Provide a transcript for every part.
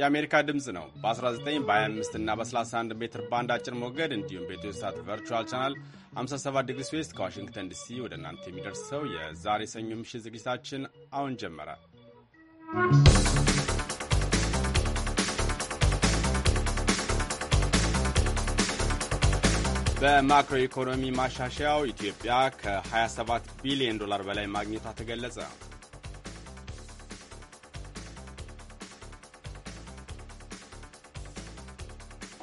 የአሜሪካ ድምፅ ነው። በ19 በ25 እና በ31 ሜትር ባንድ አጭር ሞገድ እንዲሁም በኢትዮ ሳት ቨርቹዋል ቻናል 57 ዲግሪ ስዌስት ከዋሽንግተን ዲሲ ወደ እናንተ የሚደርሰው የዛሬ ሰኞ ምሽት ዝግጅታችን አሁን ጀመረ። በማክሮ ኢኮኖሚ ማሻሻያው ኢትዮጵያ ከ27 ቢሊዮን ዶላር በላይ ማግኘቷ ተገለጸ።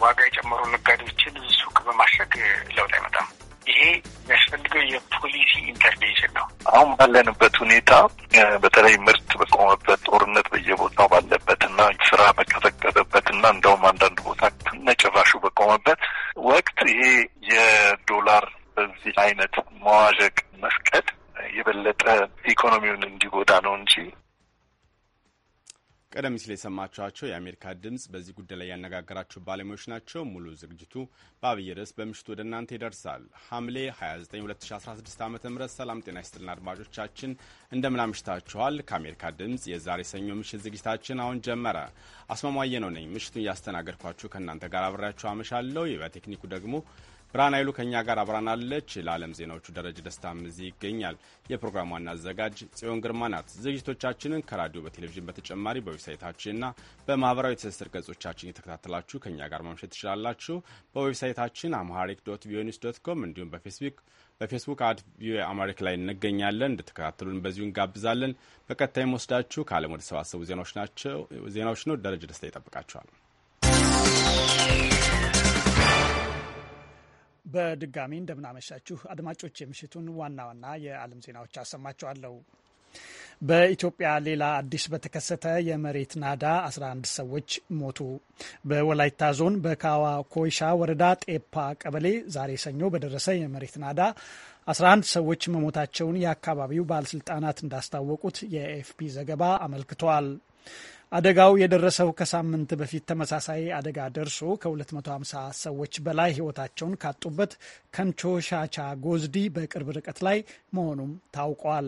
ዋጋ የጨመሩ ነጋዴዎችን ሱቅ በማሸግ ለውጥ አይመጣም። ይሄ የሚያስፈልገው የፖሊሲ ኢንተርቬንሽን ነው። አሁን ባለንበት ሁኔታ በተለይ ምርት በቆመበት ጦርነት በየቦታው ባለበት ና ስራ እና እንደውም አንዳንድ ቦታ ከነጭራሹ በቆመበት ወቅት ይሄ የዶላር በዚህ አይነት መዋዠቅ መፍቀድ የበለጠ ኢኮኖሚውን እንዲጎዳ ነው እንጂ ቀደም ሲል የሰማችኋቸው የአሜሪካ ድምፅ በዚህ ጉዳይ ላይ ያነጋገራችሁ ባለሙያዎች ናቸው። ሙሉ ዝግጅቱ በአብይ ርዕስ በምሽቱ ወደ እናንተ ይደርሳል። ሐምሌ 29 2016 ዓ ም ሰላም ጤና ይስጥልን አድማጮቻችን፣ እንደምናምሽታችኋል። ከአሜሪካ ድምፅ የዛሬ ሰኞ ምሽት ዝግጅታችን አሁን ጀመረ። አስማማየ ነው ነኝ ምሽቱን እያስተናገድኳችሁ ከእናንተ ጋር አብሬያችሁ አመሻለሁ። በቴክኒኩ ደግሞ ብርሃን ኃይሉ ከእኛ ጋር አብራናለች። ለዓለም ዜናዎቹ ደረጀ ደስታም እዚህ ይገኛል። የፕሮግራም ዋና አዘጋጅ ጽዮን ግርማ ናት። ዝግጅቶቻችንን ከራዲዮ በቴሌቪዥን በተጨማሪ በዌብሳይታችንና በማህበራዊ ትስስር ገጾቻችን የተከታተላችሁ ከእኛ ጋር ማምሸት ትችላላችሁ። በዌብሳይታችን አምሃሪክ ዶት ቪኦኤ ዶት ኮም እንዲሁም በፌስቡክ በፌስቡክ አድ ቪኦኤ አማሪክ ላይ እንገኛለን። እንድትከታተሉን በዚሁ እንጋብዛለን። በቀጣይ ወስዳችሁ ከዓለም ወደ ሰባሰቡ ዜናዎች ናቸው ዜናዎች ነው። ደረጀ ደስታ ይጠብቃችኋል። በድጋሚ እንደምናመሻችሁ አድማጮች፣ የምሽቱን ዋና ዋና የዓለም ዜናዎች አሰማችኋለሁ። በኢትዮጵያ ሌላ አዲስ በተከሰተ የመሬት ናዳ 11 ሰዎች ሞቱ። በወላይታ ዞን በካዋ ኮይሻ ወረዳ ጤፓ ቀበሌ ዛሬ ሰኞ በደረሰ የመሬት ናዳ 11 ሰዎች መሞታቸውን የአካባቢው ባለስልጣናት እንዳስታወቁት የኤፍፒ ዘገባ አመልክቷል። አደጋው የደረሰው ከሳምንት በፊት ተመሳሳይ አደጋ ደርሶ ከ250 ሰዎች በላይ ሕይወታቸውን ካጡበት ከንቾ ሻቻ ጎዝዲ በቅርብ ርቀት ላይ መሆኑም ታውቋል።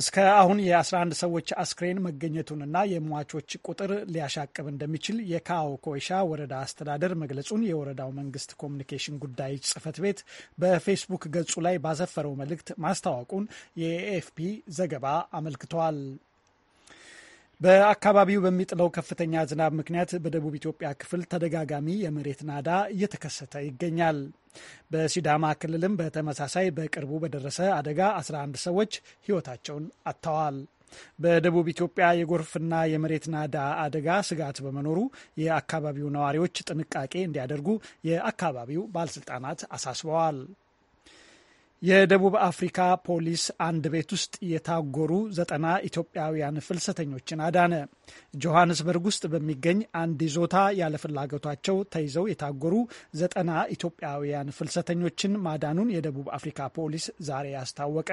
እስከ አሁን የ11 ሰዎች አስክሬን መገኘቱንና የሟቾች ቁጥር ሊያሻቅብ እንደሚችል የካኦ ኮይሻ ወረዳ አስተዳደር መግለጹን የወረዳው መንግስት ኮሚኒኬሽን ጉዳዮች ጽህፈት ቤት በፌስቡክ ገጹ ላይ ባሰፈረው መልእክት ማስታወቁን የኤኤፍፒ ዘገባ አመልክቷል። በአካባቢው በሚጥለው ከፍተኛ ዝናብ ምክንያት በደቡብ ኢትዮጵያ ክፍል ተደጋጋሚ የመሬት ናዳ እየተከሰተ ይገኛል። በሲዳማ ክልልም በተመሳሳይ በቅርቡ በደረሰ አደጋ 11 ሰዎች ሕይወታቸውን አጥተዋል። በደቡብ ኢትዮጵያ የጎርፍና የመሬት ናዳ አደጋ ስጋት በመኖሩ የአካባቢው ነዋሪዎች ጥንቃቄ እንዲያደርጉ የአካባቢው ባለስልጣናት አሳስበዋል። የደቡብ አፍሪካ ፖሊስ አንድ ቤት ውስጥ የታጎሩ ዘጠና ኢትዮጵያውያን ፍልሰተኞችን አዳነ። ጆሐንስበርግ ውስጥ በሚገኝ አንድ ይዞታ ያለ ፍላጎታቸው ተይዘው የታጎሩ ዘጠና ኢትዮጵያውያን ፍልሰተኞችን ማዳኑን የደቡብ አፍሪካ ፖሊስ ዛሬ አስታወቀ።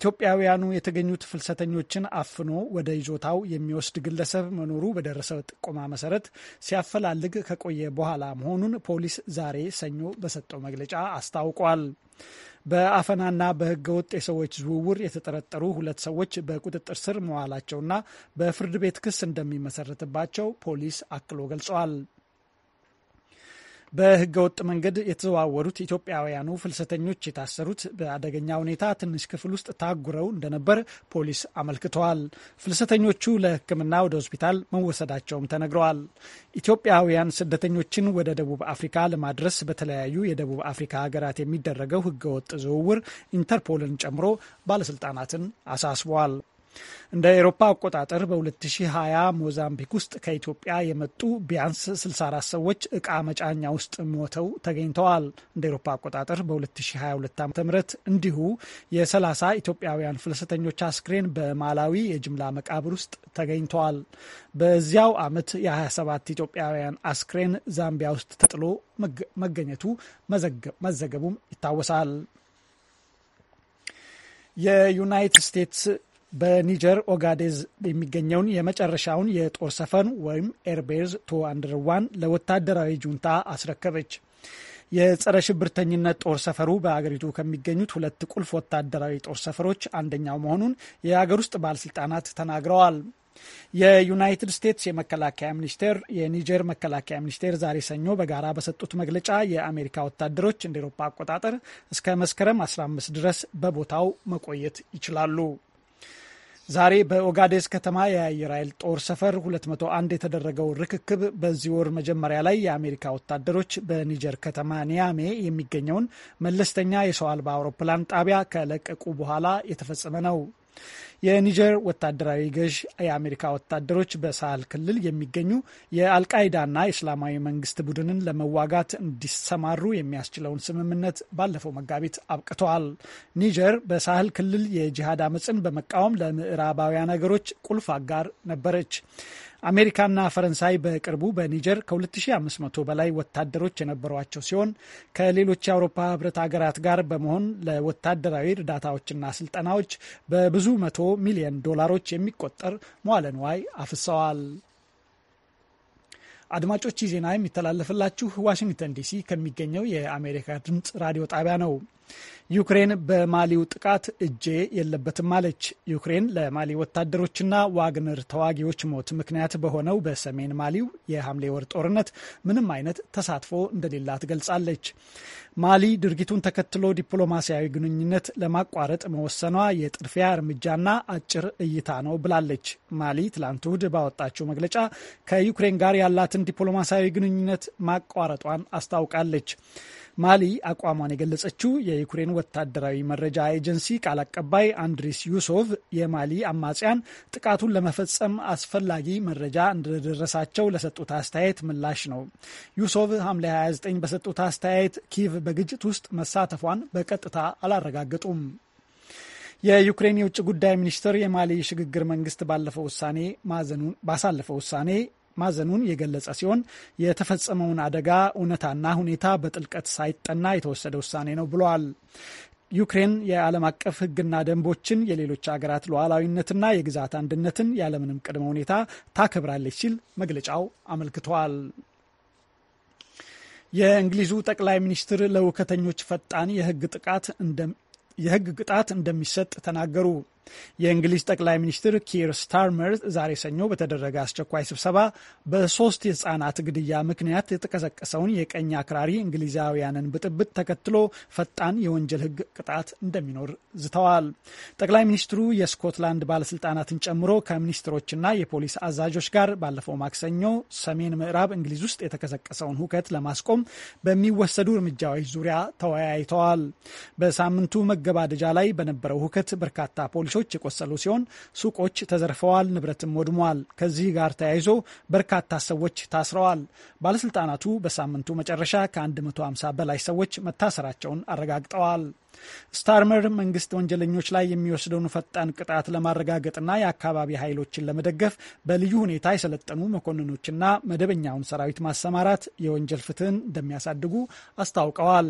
ኢትዮጵያውያኑ የተገኙት ፍልሰተኞችን አፍኖ ወደ ይዞታው የሚወስድ ግለሰብ መኖሩ በደረሰ ጥቆማ መሰረት ሲያፈላልግ ከቆየ በኋላ መሆኑን ፖሊስ ዛሬ ሰኞ በሰጠው መግለጫ አስታውቋል። በአፈናና በህገ ወጥ የሰዎች ዝውውር የተጠረጠሩ ሁለት ሰዎች በቁጥጥር ስር መዋላቸውና በፍርድ ቤት ክስ እንደሚመሰረትባቸው ፖሊስ አክሎ ገልጸዋል። በህገወጥ መንገድ የተዘዋወሩት ኢትዮጵያውያኑ ፍልሰተኞች የታሰሩት በአደገኛ ሁኔታ ትንሽ ክፍል ውስጥ ታጉረው እንደነበር ፖሊስ አመልክተዋል። ፍልሰተኞቹ ለሕክምና ወደ ሆስፒታል መወሰዳቸውም ተነግረዋል። ኢትዮጵያውያን ስደተኞችን ወደ ደቡብ አፍሪካ ለማድረስ በተለያዩ የደቡብ አፍሪካ ሀገራት የሚደረገው ህገወጥ ዝውውር ኢንተርፖልን ጨምሮ ባለስልጣናትን አሳስበዋል። እንደ አውሮፓ አቆጣጠር በ2020 ሞዛምቢክ ውስጥ ከኢትዮጵያ የመጡ ቢያንስ 64 ሰዎች እቃ መጫኛ ውስጥ ሞተው ተገኝተዋል። እንደ አውሮፓ አቆጣጠር በ2022 ዓ ም እንዲሁ የ30 ኢትዮጵያውያን ፍልሰተኞች አስክሬን በማላዊ የጅምላ መቃብር ውስጥ ተገኝተዋል። በዚያው ዓመት የ27 ኢትዮጵያውያን አስክሬን ዛምቢያ ውስጥ ተጥሎ መገኘቱ መዘገቡም ይታወሳል። የዩናይትድ ስቴትስ በኒጀር ኦጋዴዝ የሚገኘውን የመጨረሻውን የጦር ሰፈን ወይም ኤርቤዝ ቱ ዋን ለወታደራዊ ጁንታ አስረከበች። የጸረ ሽብርተኝነት ጦር ሰፈሩ በአገሪቱ ከሚገኙት ሁለት ቁልፍ ወታደራዊ ጦር ሰፈሮች አንደኛው መሆኑን የአገር ውስጥ ባለስልጣናት ተናግረዋል። የዩናይትድ ስቴትስ የመከላከያ ሚኒስቴር የኒጀር መከላከያ ሚኒስቴር ዛሬ ሰኞ በጋራ በሰጡት መግለጫ የአሜሪካ ወታደሮች እንደ ኤሮፓ አቆጣጠር እስከ መስከረም 15 ድረስ በቦታው መቆየት ይችላሉ። ዛሬ በኦጋዴስ ከተማ የአየር ኃይል ጦር ሰፈር 201 የተደረገው ርክክብ በዚህ ወር መጀመሪያ ላይ የአሜሪካ ወታደሮች በኒጀር ከተማ ኒያሜ የሚገኘውን መለስተኛ የሰው አልባ አውሮፕላን ጣቢያ ከለቀቁ በኋላ የተፈጸመ ነው። የኒጀር ወታደራዊ ገዥ የአሜሪካ ወታደሮች በሳህል ክልል የሚገኙ የአልቃይዳና የእስላማዊ መንግስት ቡድንን ለመዋጋት እንዲሰማሩ የሚያስችለውን ስምምነት ባለፈው መጋቢት አብቅተዋል። ኒጀር በሳህል ክልል የጂሃድ አመፅን በመቃወም ለምዕራባውያን ሀገሮች ቁልፍ አጋር ነበረች። አሜሪካና ፈረንሳይ በቅርቡ በኒጀር ከ2500 በላይ ወታደሮች የነበሯቸው ሲሆን ከሌሎች የአውሮፓ ህብረት ሀገራት ጋር በመሆን ለወታደራዊ እርዳታዎችና ስልጠናዎች በብዙ መቶ ሚሊዮን ዶላሮች የሚቆጠር መዋለ ንዋይ አፍሰዋል። አድማጮች ዜና የሚተላለፍላችሁ ዋሽንግተን ዲሲ ከሚገኘው የአሜሪካ ድምፅ ራዲዮ ጣቢያ ነው። ዩክሬን በማሊው ጥቃት እጄ የለበትም አለች። ዩክሬን ለማሊ ወታደሮችና ዋግነር ተዋጊዎች ሞት ምክንያት በሆነው በሰሜን ማሊው የሐምሌ ወር ጦርነት ምንም አይነት ተሳትፎ እንደሌላ ትገልጻለች። ማሊ ድርጊቱን ተከትሎ ዲፕሎማሲያዊ ግንኙነት ለማቋረጥ መወሰኗ የጥድፊያ እርምጃና አጭር እይታ ነው ብላለች። ማሊ ትላንት እሁድ ባወጣችው መግለጫ ከዩክሬን ጋር ያላትን ዲፕሎማሲያዊ ግንኙነት ማቋረጧን አስታውቃለች። ማሊ አቋሟን የገለጸችው የዩክሬን ወታደራዊ መረጃ ኤጀንሲ ቃል አቀባይ አንድሪስ ዩሶቭ የማሊ አማጽያን ጥቃቱን ለመፈጸም አስፈላጊ መረጃ እንደደረሳቸው ለሰጡት አስተያየት ምላሽ ነው። ዩሶቭ ሐምሌ 29 በሰጡት አስተያየት ኪቭ በግጭት ውስጥ መሳተፏን በቀጥታ አላረጋገጡም። የዩክሬን የውጭ ጉዳይ ሚኒስትር የማሊ ሽግግር መንግስት ባለፈው ውሳኔ ማዘኑን ባሳለፈው ውሳኔ ማዘኑን የገለጸ ሲሆን የተፈጸመውን አደጋ እውነታና ሁኔታ በጥልቀት ሳይጠና የተወሰደ ውሳኔ ነው ብለዋል። ዩክሬን የዓለም አቀፍ ሕግና ደንቦችን የሌሎች ሀገራት ሉዓላዊነትና የግዛት አንድነትን ያለምንም ቅድመ ሁኔታ ታከብራለች ሲል መግለጫው አመልክተዋል። የእንግሊዙ ጠቅላይ ሚኒስትር ለውከተኞች ፈጣን የሕግ ቅጣት እንደሚሰጥ ተናገሩ። የእንግሊዝ ጠቅላይ ሚኒስትር ኪር ስታርመር ዛሬ ሰኞ በተደረገ አስቸኳይ ስብሰባ በሶስት የህፃናት ግድያ ምክንያት የተቀሰቀሰውን የቀኝ አክራሪ እንግሊዛውያንን ብጥብጥ ተከትሎ ፈጣን የወንጀል ህግ ቅጣት እንደሚኖር ዝተዋል። ጠቅላይ ሚኒስትሩ የስኮትላንድ ባለስልጣናትን ጨምሮ ከሚኒስትሮችና የፖሊስ አዛዦች ጋር ባለፈው ማክሰኞ ሰሜን ምዕራብ እንግሊዝ ውስጥ የተቀሰቀሰውን ሁከት ለማስቆም በሚወሰዱ እርምጃዎች ዙሪያ ተወያይተዋል። በሳምንቱ መገባደጃ ላይ በነበረው ሁከት በርካታ ፖሊስ ተተኳሾች የቆሰሉ ሲሆን ሱቆች ተዘርፈዋል፣ ንብረትም ወድሟል። ከዚህ ጋር ተያይዞ በርካታ ሰዎች ታስረዋል። ባለስልጣናቱ በሳምንቱ መጨረሻ ከ150 በላይ ሰዎች መታሰራቸውን አረጋግጠዋል። ስታርመር መንግስት ወንጀለኞች ላይ የሚወስደውን ፈጣን ቅጣት ለማረጋገጥና የአካባቢ ኃይሎችን ለመደገፍ በልዩ ሁኔታ የሰለጠኑ መኮንኖችና መደበኛውን ሰራዊት ማሰማራት የወንጀል ፍትህን እንደሚያሳድጉ አስታውቀዋል።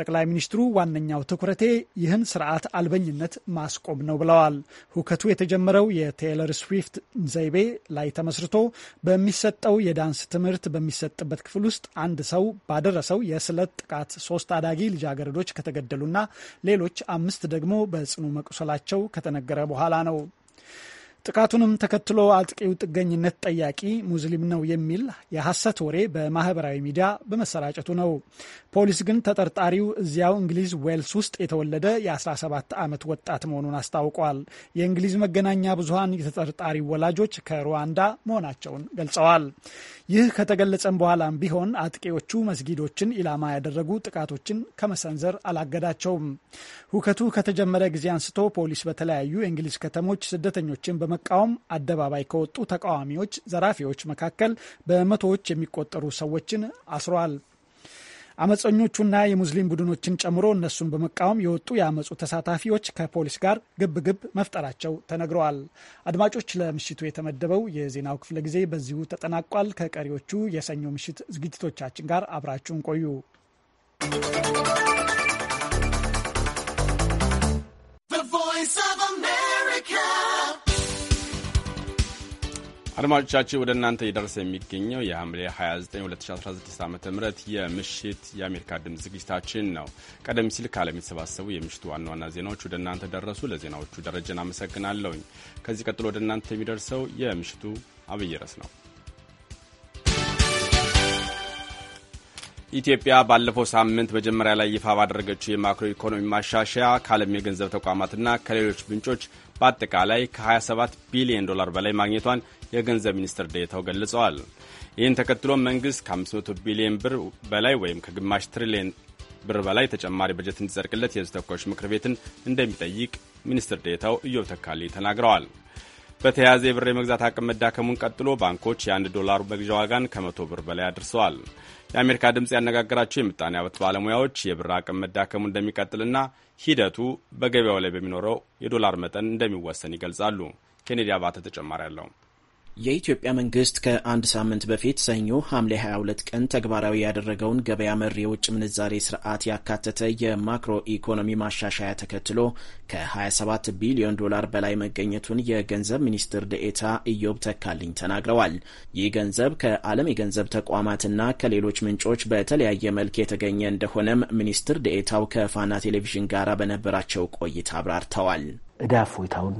ጠቅላይ ሚኒስትሩ ዋነኛው ትኩረቴ ይህን ስርዓት አልበኝነት ማስቆም ነው ብለዋል። ሁከቱ የተጀመረው የቴይለር ስዊፍት ዘይቤ ላይ ተመስርቶ በሚሰጠው የዳንስ ትምህርት በሚሰጥበት ክፍል ውስጥ አንድ ሰው ባደረሰው የስለት ጥቃት ሶስት አዳጊ ልጃገረዶች ከተገደሉ መሞታቸውና ሌሎች አምስት ደግሞ በጽኑ መቁሰላቸው ከተነገረ በኋላ ነው። ጥቃቱንም ተከትሎ አጥቂው ጥገኝነት ጠያቂ ሙስሊም ነው የሚል የሐሰት ወሬ በማህበራዊ ሚዲያ በመሰራጨቱ ነው። ፖሊስ ግን ተጠርጣሪው እዚያው እንግሊዝ ዌልስ ውስጥ የተወለደ የ17 ዓመት ወጣት መሆኑን አስታውቋል። የእንግሊዝ መገናኛ ብዙሃን የተጠርጣሪው ወላጆች ከሩዋንዳ መሆናቸውን ገልጸዋል። ይህ ከተገለጸም በኋላም ቢሆን አጥቂዎቹ መስጊዶችን ኢላማ ያደረጉ ጥቃቶችን ከመሰንዘር አላገዳቸውም። ሁከቱ ከተጀመረ ጊዜ አንስቶ ፖሊስ በተለያዩ የእንግሊዝ ከተሞች ስደተኞችን በመቃወም አደባባይ ከወጡ ተቃዋሚዎች፣ ዘራፊዎች መካከል በመቶዎች የሚቆጠሩ ሰዎችን አስሯል። አመፀኞቹና የሙስሊም ቡድኖችን ጨምሮ እነሱን በመቃወም የወጡ የአመፁ ተሳታፊዎች ከፖሊስ ጋር ግብግብ መፍጠራቸው ተነግረዋል። አድማጮች፣ ለምሽቱ የተመደበው የዜናው ክፍለ ጊዜ በዚሁ ተጠናቋል። ከቀሪዎቹ የሰኞ ምሽት ዝግጅቶቻችን ጋር አብራችሁን ቆዩ። አድማጮቻችን ወደ እናንተ እየደረሰ የሚገኘው የሐምሌ 29 2016 ዓ ም የምሽት የአሜሪካ ድምፅ ዝግጅታችን ነው። ቀደም ሲል ከዓለም የተሰባሰቡ የምሽቱ ዋና ዋና ዜናዎች ወደ እናንተ ደረሱ። ለዜናዎቹ ደረጀን አመሰግናለሁኝ። ከዚህ ቀጥሎ ወደ እናንተ የሚደርሰው የምሽቱ አብይ ርዕስ ነው። ኢትዮጵያ ባለፈው ሳምንት መጀመሪያ ላይ ይፋ ባደረገችው የማክሮ ኢኮኖሚ ማሻሻያ ከዓለም የገንዘብ ተቋማትና ከሌሎች ምንጮች በአጠቃላይ ከ27 ቢሊዮን ዶላር በላይ ማግኘቷን የገንዘብ ሚኒስትር ዴኤታው ገልጸዋል። ይህን ተከትሎ መንግሥት ከ500 ቢሊዮን ብር በላይ ወይም ከግማሽ ትሪሊዮን ብር በላይ ተጨማሪ በጀት እንዲጸድቅለት የሕዝብ ተወካዮች ምክር ቤትን እንደሚጠይቅ ሚኒስትር ደታው እዮብ ተካልኝ ተናግረዋል። በተያያዘ የብር የመግዛት አቅም መዳከሙን ቀጥሎ ባንኮች የአንድ ዶላር መግዣ ዋጋን ከመቶ ብር በላይ አድርሰዋል። የአሜሪካ ድምፅ ያነጋገራቸው የምጣኔ ሀብት ባለሙያዎች የብር አቅም መዳከሙ እንደሚቀጥልና ሂደቱ በገበያው ላይ በሚኖረው የዶላር መጠን እንደሚወሰን ይገልጻሉ። ኬኔዲ አባተ ተጨማሪ አለው። የኢትዮጵያ መንግስት ከአንድ ሳምንት በፊት ሰኞ ሐምሌ 22 ቀን ተግባራዊ ያደረገውን ገበያ መር የውጭ ምንዛሬ ስርዓት ያካተተ የማክሮ ኢኮኖሚ ማሻሻያ ተከትሎ ከ27 ቢሊዮን ዶላር በላይ መገኘቱን የገንዘብ ሚኒስትር ደኤታ ኢዮብ ተካልኝ ተናግረዋል። ይህ ገንዘብ ከዓለም የገንዘብ ተቋማትና ከሌሎች ምንጮች በተለያየ መልክ የተገኘ እንደሆነም ሚኒስትር ደኤታው ከፋና ቴሌቪዥን ጋር በነበራቸው ቆይታ አብራርተዋል። እዳ እፎይታውን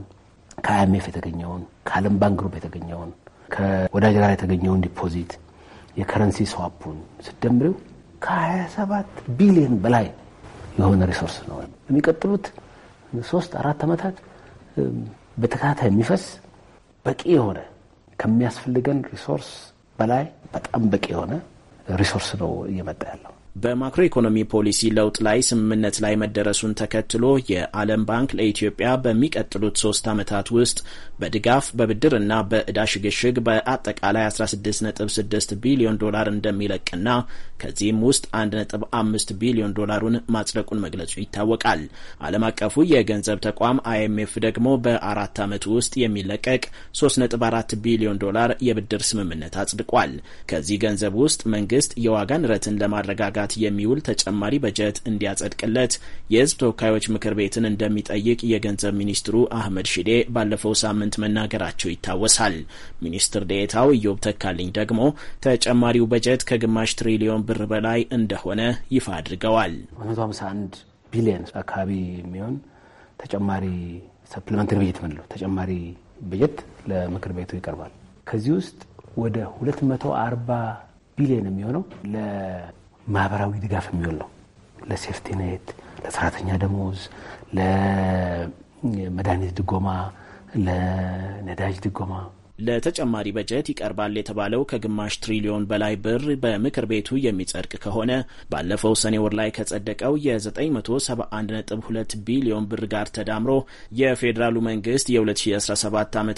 ከአይኤምኤፍ የተገኘውን ከዓለም ባንክ ግሩፕ የተገኘውን ከወዳጅ ጋር የተገኘውን ዲፖዚት የከረንሲ ስዋፑን ስደምሪው ከ27 ቢሊዮን በላይ የሆነ ሪሶርስ ነው። የሚቀጥሉት ሶስት አራት ዓመታት በተከታታይ የሚፈስ በቂ የሆነ ከሚያስፈልገን ሪሶርስ በላይ በጣም በቂ የሆነ ሪሶርስ ነው እየመጣ ያለው። በማክሮ ኢኮኖሚ ፖሊሲ ለውጥ ላይ ስምምነት ላይ መደረሱን ተከትሎ የዓለም ባንክ ለኢትዮጵያ በሚቀጥሉት ሶስት ዓመታት ውስጥ በድጋፍ በብድርና በዕዳ ሽግሽግ በአጠቃላይ 166 ቢሊዮን ዶላር እንደሚለቅና ከዚህም ውስጥ 1.5 ቢሊዮን ዶላሩን ማጽደቁን መግለጹ ይታወቃል። ዓለም አቀፉ የገንዘብ ተቋም አይኤምኤፍ ደግሞ በአራት ዓመቱ ውስጥ የሚለቀቅ 3.4 ቢሊዮን ዶላር የብድር ስምምነት አጽድቋል። ከዚህ ገንዘብ ውስጥ መንግስት የዋጋ ንረትን ለማረጋጋት ለመርዳት የሚውል ተጨማሪ በጀት እንዲያጸድቅለት የህዝብ ተወካዮች ምክር ቤትን እንደሚጠይቅ የገንዘብ ሚኒስትሩ አህመድ ሺዴ ባለፈው ሳምንት መናገራቸው ይታወሳል። ሚኒስትር ዴኤታው ኢዮብ ተካልኝ ደግሞ ተጨማሪው በጀት ከግማሽ ትሪሊዮን ብር በላይ እንደሆነ ይፋ አድርገዋል። 151 ቢሊዮን አካባቢ የሚሆን ተጨማሪ ሰፕሊመንተሪ በጀት ምንለው ተጨማሪ በጀት ለምክር ቤቱ ይቀርባል። ከዚህ ውስጥ ወደ 240 ቢሊዮን የሚሆነው ማህበራዊ ድጋፍ የሚውል ነው። ለሴፍቲኔት፣ ለሰራተኛ ደሞዝ፣ ለመድኃኒት ድጎማ፣ ለነዳጅ ድጎማ ለተጨማሪ በጀት ይቀርባል የተባለው ከግማሽ ትሪሊዮን በላይ ብር በምክር ቤቱ የሚጸድቅ ከሆነ ባለፈው ሰኔ ወር ላይ ከጸደቀው የ971.2 ቢሊዮን ብር ጋር ተዳምሮ የፌዴራሉ መንግስት የ2017 ዓ ም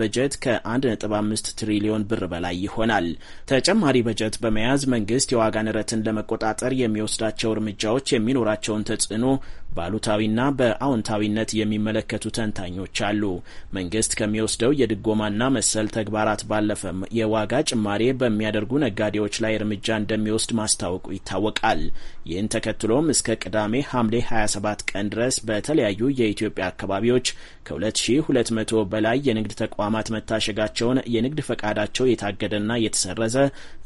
በጀት ከ1.5 ትሪሊዮን ብር በላይ ይሆናል። ተጨማሪ በጀት በመያዝ መንግስት የዋጋ ንረትን ለመቆጣጠር የሚወስዳቸው እርምጃዎች የሚኖራቸውን ተጽዕኖ በአሉታዊና በአዎንታዊነት የሚመለከቱ ተንታኞች አሉ። መንግስት ከሚወስደው የድጎማና መሰል ተግባራት ባለፈም የዋጋ ጭማሬ በሚያደርጉ ነጋዴዎች ላይ እርምጃ እንደሚወስድ ማስታወቁ ይታወቃል። ይህን ተከትሎም እስከ ቅዳሜ ሐምሌ 27 ቀን ድረስ በተለያዩ የኢትዮጵያ አካባቢዎች ከ2200 በላይ የንግድ ተቋማት መታሸጋቸውን የንግድ ፈቃዳቸው የታገደና የተሰረዘ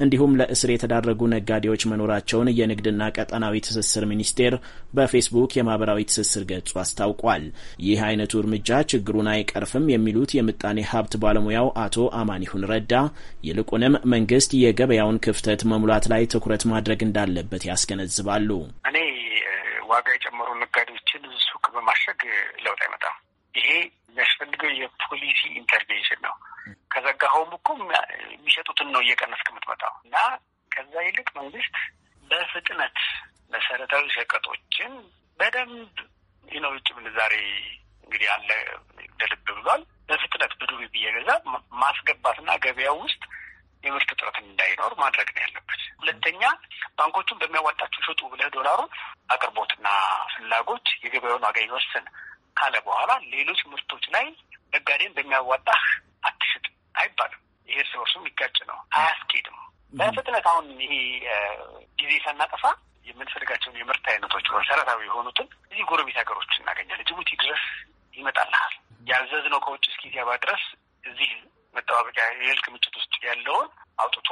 እንዲሁም ለእስር የተዳረጉ ነጋዴዎች መኖራቸውን የንግድና ቀጠናዊ ትስስር ሚኒስቴር በፌስቡክ የማህበራዊ ትስስር ገጹ አስታውቋል። ይህ አይነቱ እርምጃ ችግሩን አይቀርፍም የሚሉት የምጣኔ ሀብት ባለሙያው አቶ አማኒሁን ረዳ ይልቁንም መንግስት የገበያውን ክፍተት መሙላት ላይ ትኩረት ማድረግ እንዳለበት ያስገነዝባል። ያሳስባሉ። እኔ ዋጋ የጨመሩ ነጋዴዎችን ሱቅ በማሸግ ለውጥ አይመጣም። ይሄ የሚያስፈልገው የፖሊሲ ኢንተርቬንሽን ነው። ከዘጋኸውም እኮ የሚሸጡትን ነው እየቀነስክ የምትመጣው እና ከዛ ይልቅ መንግስት በፍጥነት መሰረታዊ ሸቀጦችን በደንብ ይነው ውጭ ምንዛሬ እንግዲህ አለ እንደልብ ብሏል። በፍጥነት ብዱብ እየገዛ ማስገባትና ገበያው ውስጥ የምርት እጥረት እንዳይኖር ማድረግ ነው ያለበት። ሁለተኛ ባንኮቹን በሚያዋጣቸው ሸጡ ብለህ ዶላሩ አቅርቦትና ፍላጎት የገበያውን ዋጋ ይወስን ካለ በኋላ ሌሎች ምርቶች ላይ ነጋዴን በሚያዋጣ አትሽጥ አይባልም። ይሄ እርስ በርሱ የሚጋጭ ነው፣ አያስኬድም። በፍጥነት አሁን ይሄ ጊዜ ሳናጠፋ የምንፈልጋቸውን የምርት አይነቶች መሰረታዊ የሆኑትን እዚህ ጎረቤት ሀገሮች እናገኛለን። ጅቡቲ ድረስ ይመጣልሃል። ያዘዝነው ከውጭ እስኪገባ ድረስ እዚህ መጠባበቂያ የእህል ክምችት ውስጥ ያለውን አውጥቶ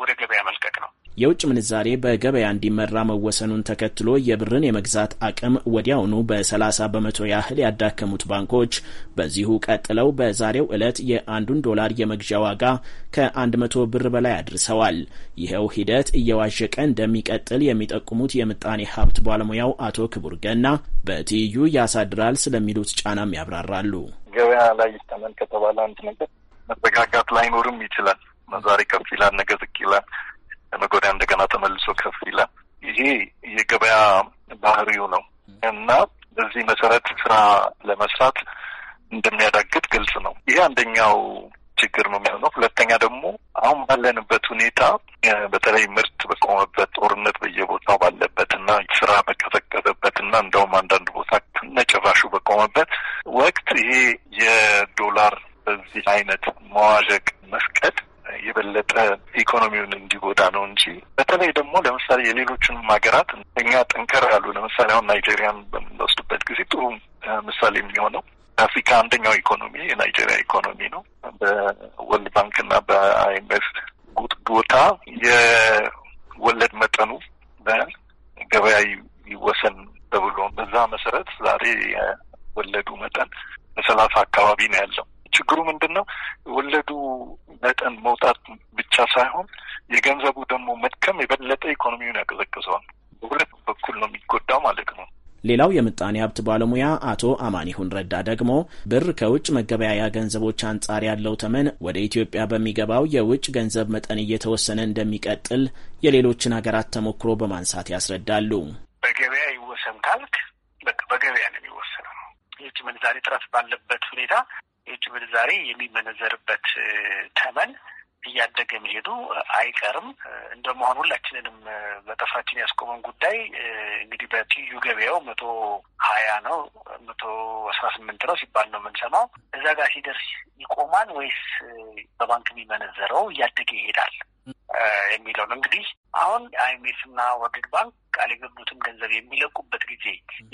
ወደ ገበያ መልቀቅ ነው። የውጭ ምንዛሬ በገበያ እንዲመራ መወሰኑን ተከትሎ የብርን የመግዛት አቅም ወዲያውኑ በ30 በመቶ ያህል ያዳከሙት ባንኮች በዚሁ ቀጥለው በዛሬው ዕለት የአንዱን ዶላር የመግዣ ዋጋ ከ100 ብር በላይ አድርሰዋል። ይኸው ሂደት እየዋዠቀ እንደሚቀጥል የሚጠቁሙት የምጣኔ ሀብት ባለሙያው አቶ ክቡር ገና በትይዩ ያሳድራል ስለሚሉት ጫናም ያብራራሉ። ገበያ ላይ ይስተመን ከተባለ አንድ ነገር መረጋጋት ላይኖርም ይችላል። ዛሬ ከፍ ይላል፣ ነገ ዝቅ ይላል፣ ነገ ወዲያ እንደገና ተመልሶ ከፍ ይላል። ይሄ የገበያ ባህሪው ነው እና በዚህ መሰረት ስራ ለመስራት እንደሚያዳግጥ ግልጽ ነው። ይሄ አንደኛው ችግር ነው የሚሆነው። ሁለተኛ ደግሞ አሁን ባለንበት ሁኔታ በተለይ ምርት በቆመበት፣ ጦርነት በየቦታው ባለበት እና ስራ በቀዘቀዘበት እና እንደውም አንዳንድ ቦታ ነጭራሹ በቆመበት ወቅት ይሄ የዶላር በዚህ አይነት መዋዠቅ መስቀድ የበለጠ ኢኮኖሚውን እንዲጎዳ ነው እንጂ በተለይ ደግሞ ለምሳሌ የሌሎቹንም ሀገራት እኛ ጠንከር ያሉ ለምሳሌ አሁን ናይጄሪያን በምንወስድበት ጊዜ ጥሩ ምሳሌ የሚሆነው አፍሪካ አንደኛው ኢኮኖሚ የናይጄሪያ ኢኮኖሚ ነው። በወርልድ ባንክና በአይኤምኤፍ ጉትጎታ የወለድ መጠኑ በገበያ ይወሰን ተብሎ በዛ መሰረት ዛሬ የወለዱ መጠን በሰላሳ አካባቢ ነው ያለው። ችግሩ ምንድን ነው? ወለዱ መጠን መውጣት ብቻ ሳይሆን የገንዘቡ ደግሞ መድከም የበለጠ ኢኮኖሚውን ያቀዘቅዘዋል። በሁለት በኩል ነው የሚጎዳው ማለት ነው። ሌላው የምጣኔ ሀብት ባለሙያ አቶ አማኒሁን ረዳ ደግሞ ብር ከውጭ መገበያያ ገንዘቦች አንጻር ያለው ተመን ወደ ኢትዮጵያ በሚገባው የውጭ ገንዘብ መጠን እየተወሰነ እንደሚቀጥል የሌሎችን ሀገራት ተሞክሮ በማንሳት ያስረዳሉ። በገበያ ይወሰን ካልክ በገበያ ነው የሚወሰነው። የውጭ ምንዛሬ ጥረት ባለበት ሁኔታ ምንዛሬ የሚመነዘርበት ተመን እያደገ መሄዱ አይቀርም። እንደመሆኑ ሁላችንንም በጠፋችን ያስቆመን ጉዳይ እንግዲህ በትዩ ገበያው መቶ ሀያ ነው መቶ አስራ ስምንት ነው ሲባል ነው የምንሰማው። እዛ ጋር ሲደርስ ይቆማል ወይስ በባንክ የሚመነዘረው እያደገ ይሄዳል የሚለው ነው። እንግዲህ አሁን አይኤምኤፍ እና ወርልድ ባንክ ቃል የገቡትም ገንዘብ የሚለቁበት ጊዜ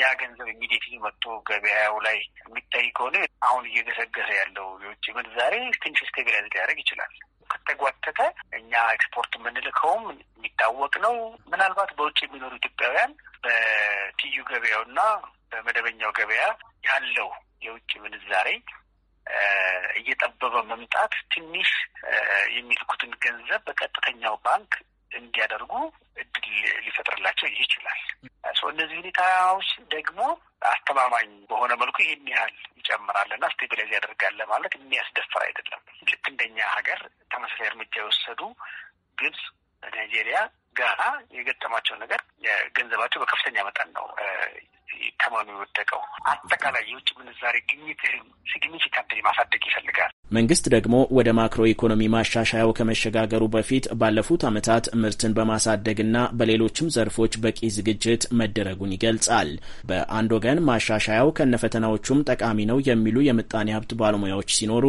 ያ ገንዘብ ኢሚዲየትሊ መጥቶ ገበያው ላይ የሚታይ ከሆነ አሁን እየገሰገሰ ያለው የውጭ ምንዛሬ ትንሽ ስቴቢላይዝ ሊያደርግ ይችላል። ከተጓተተ እኛ ኤክስፖርት የምንልከውም የሚታወቅ ነው። ምናልባት በውጭ የሚኖሩ ኢትዮጵያውያን በትዩ ገበያውና በመደበኛው ገበያ ያለው የውጭ ምንዛሬ እየጠበበ መምጣት ትንሽ የሚልኩትን ገንዘብ በቀጥተኛው ባንክ እንዲያደርጉ እድል ሊፈጥርላቸው ይችላል። እነዚህ ሁኔታዎች ደግሞ አስተማማኝ በሆነ መልኩ ይህን ያህል ይጨምራልና ስቴቢላይዝ ያደርጋል ማለት የሚያስደፍር አይደለም። ልክ እንደኛ ሀገር ተመሳሳይ እርምጃ የወሰዱ ግብጽ፣ ናይጄሪያ ጋራ የገጠማቸው ነገር ገንዘባቸው በከፍተኛ መጠን ነው ተመኑ የወደቀው። አጠቃላይ የውጭ ምንዛሬ ግኝትህን ሲግኒፊካንት ማሳደግ ይፈልጋል። መንግስት ደግሞ ወደ ማክሮ ኢኮኖሚ ማሻሻያው ከመሸጋገሩ በፊት ባለፉት ዓመታት ምርትን በማሳደግና በሌሎችም ዘርፎች በቂ ዝግጅት መደረጉን ይገልጻል። በአንድ ወገን ማሻሻያው ከነፈተናዎቹም ጠቃሚ ነው የሚሉ የምጣኔ ሀብት ባለሙያዎች ሲኖሩ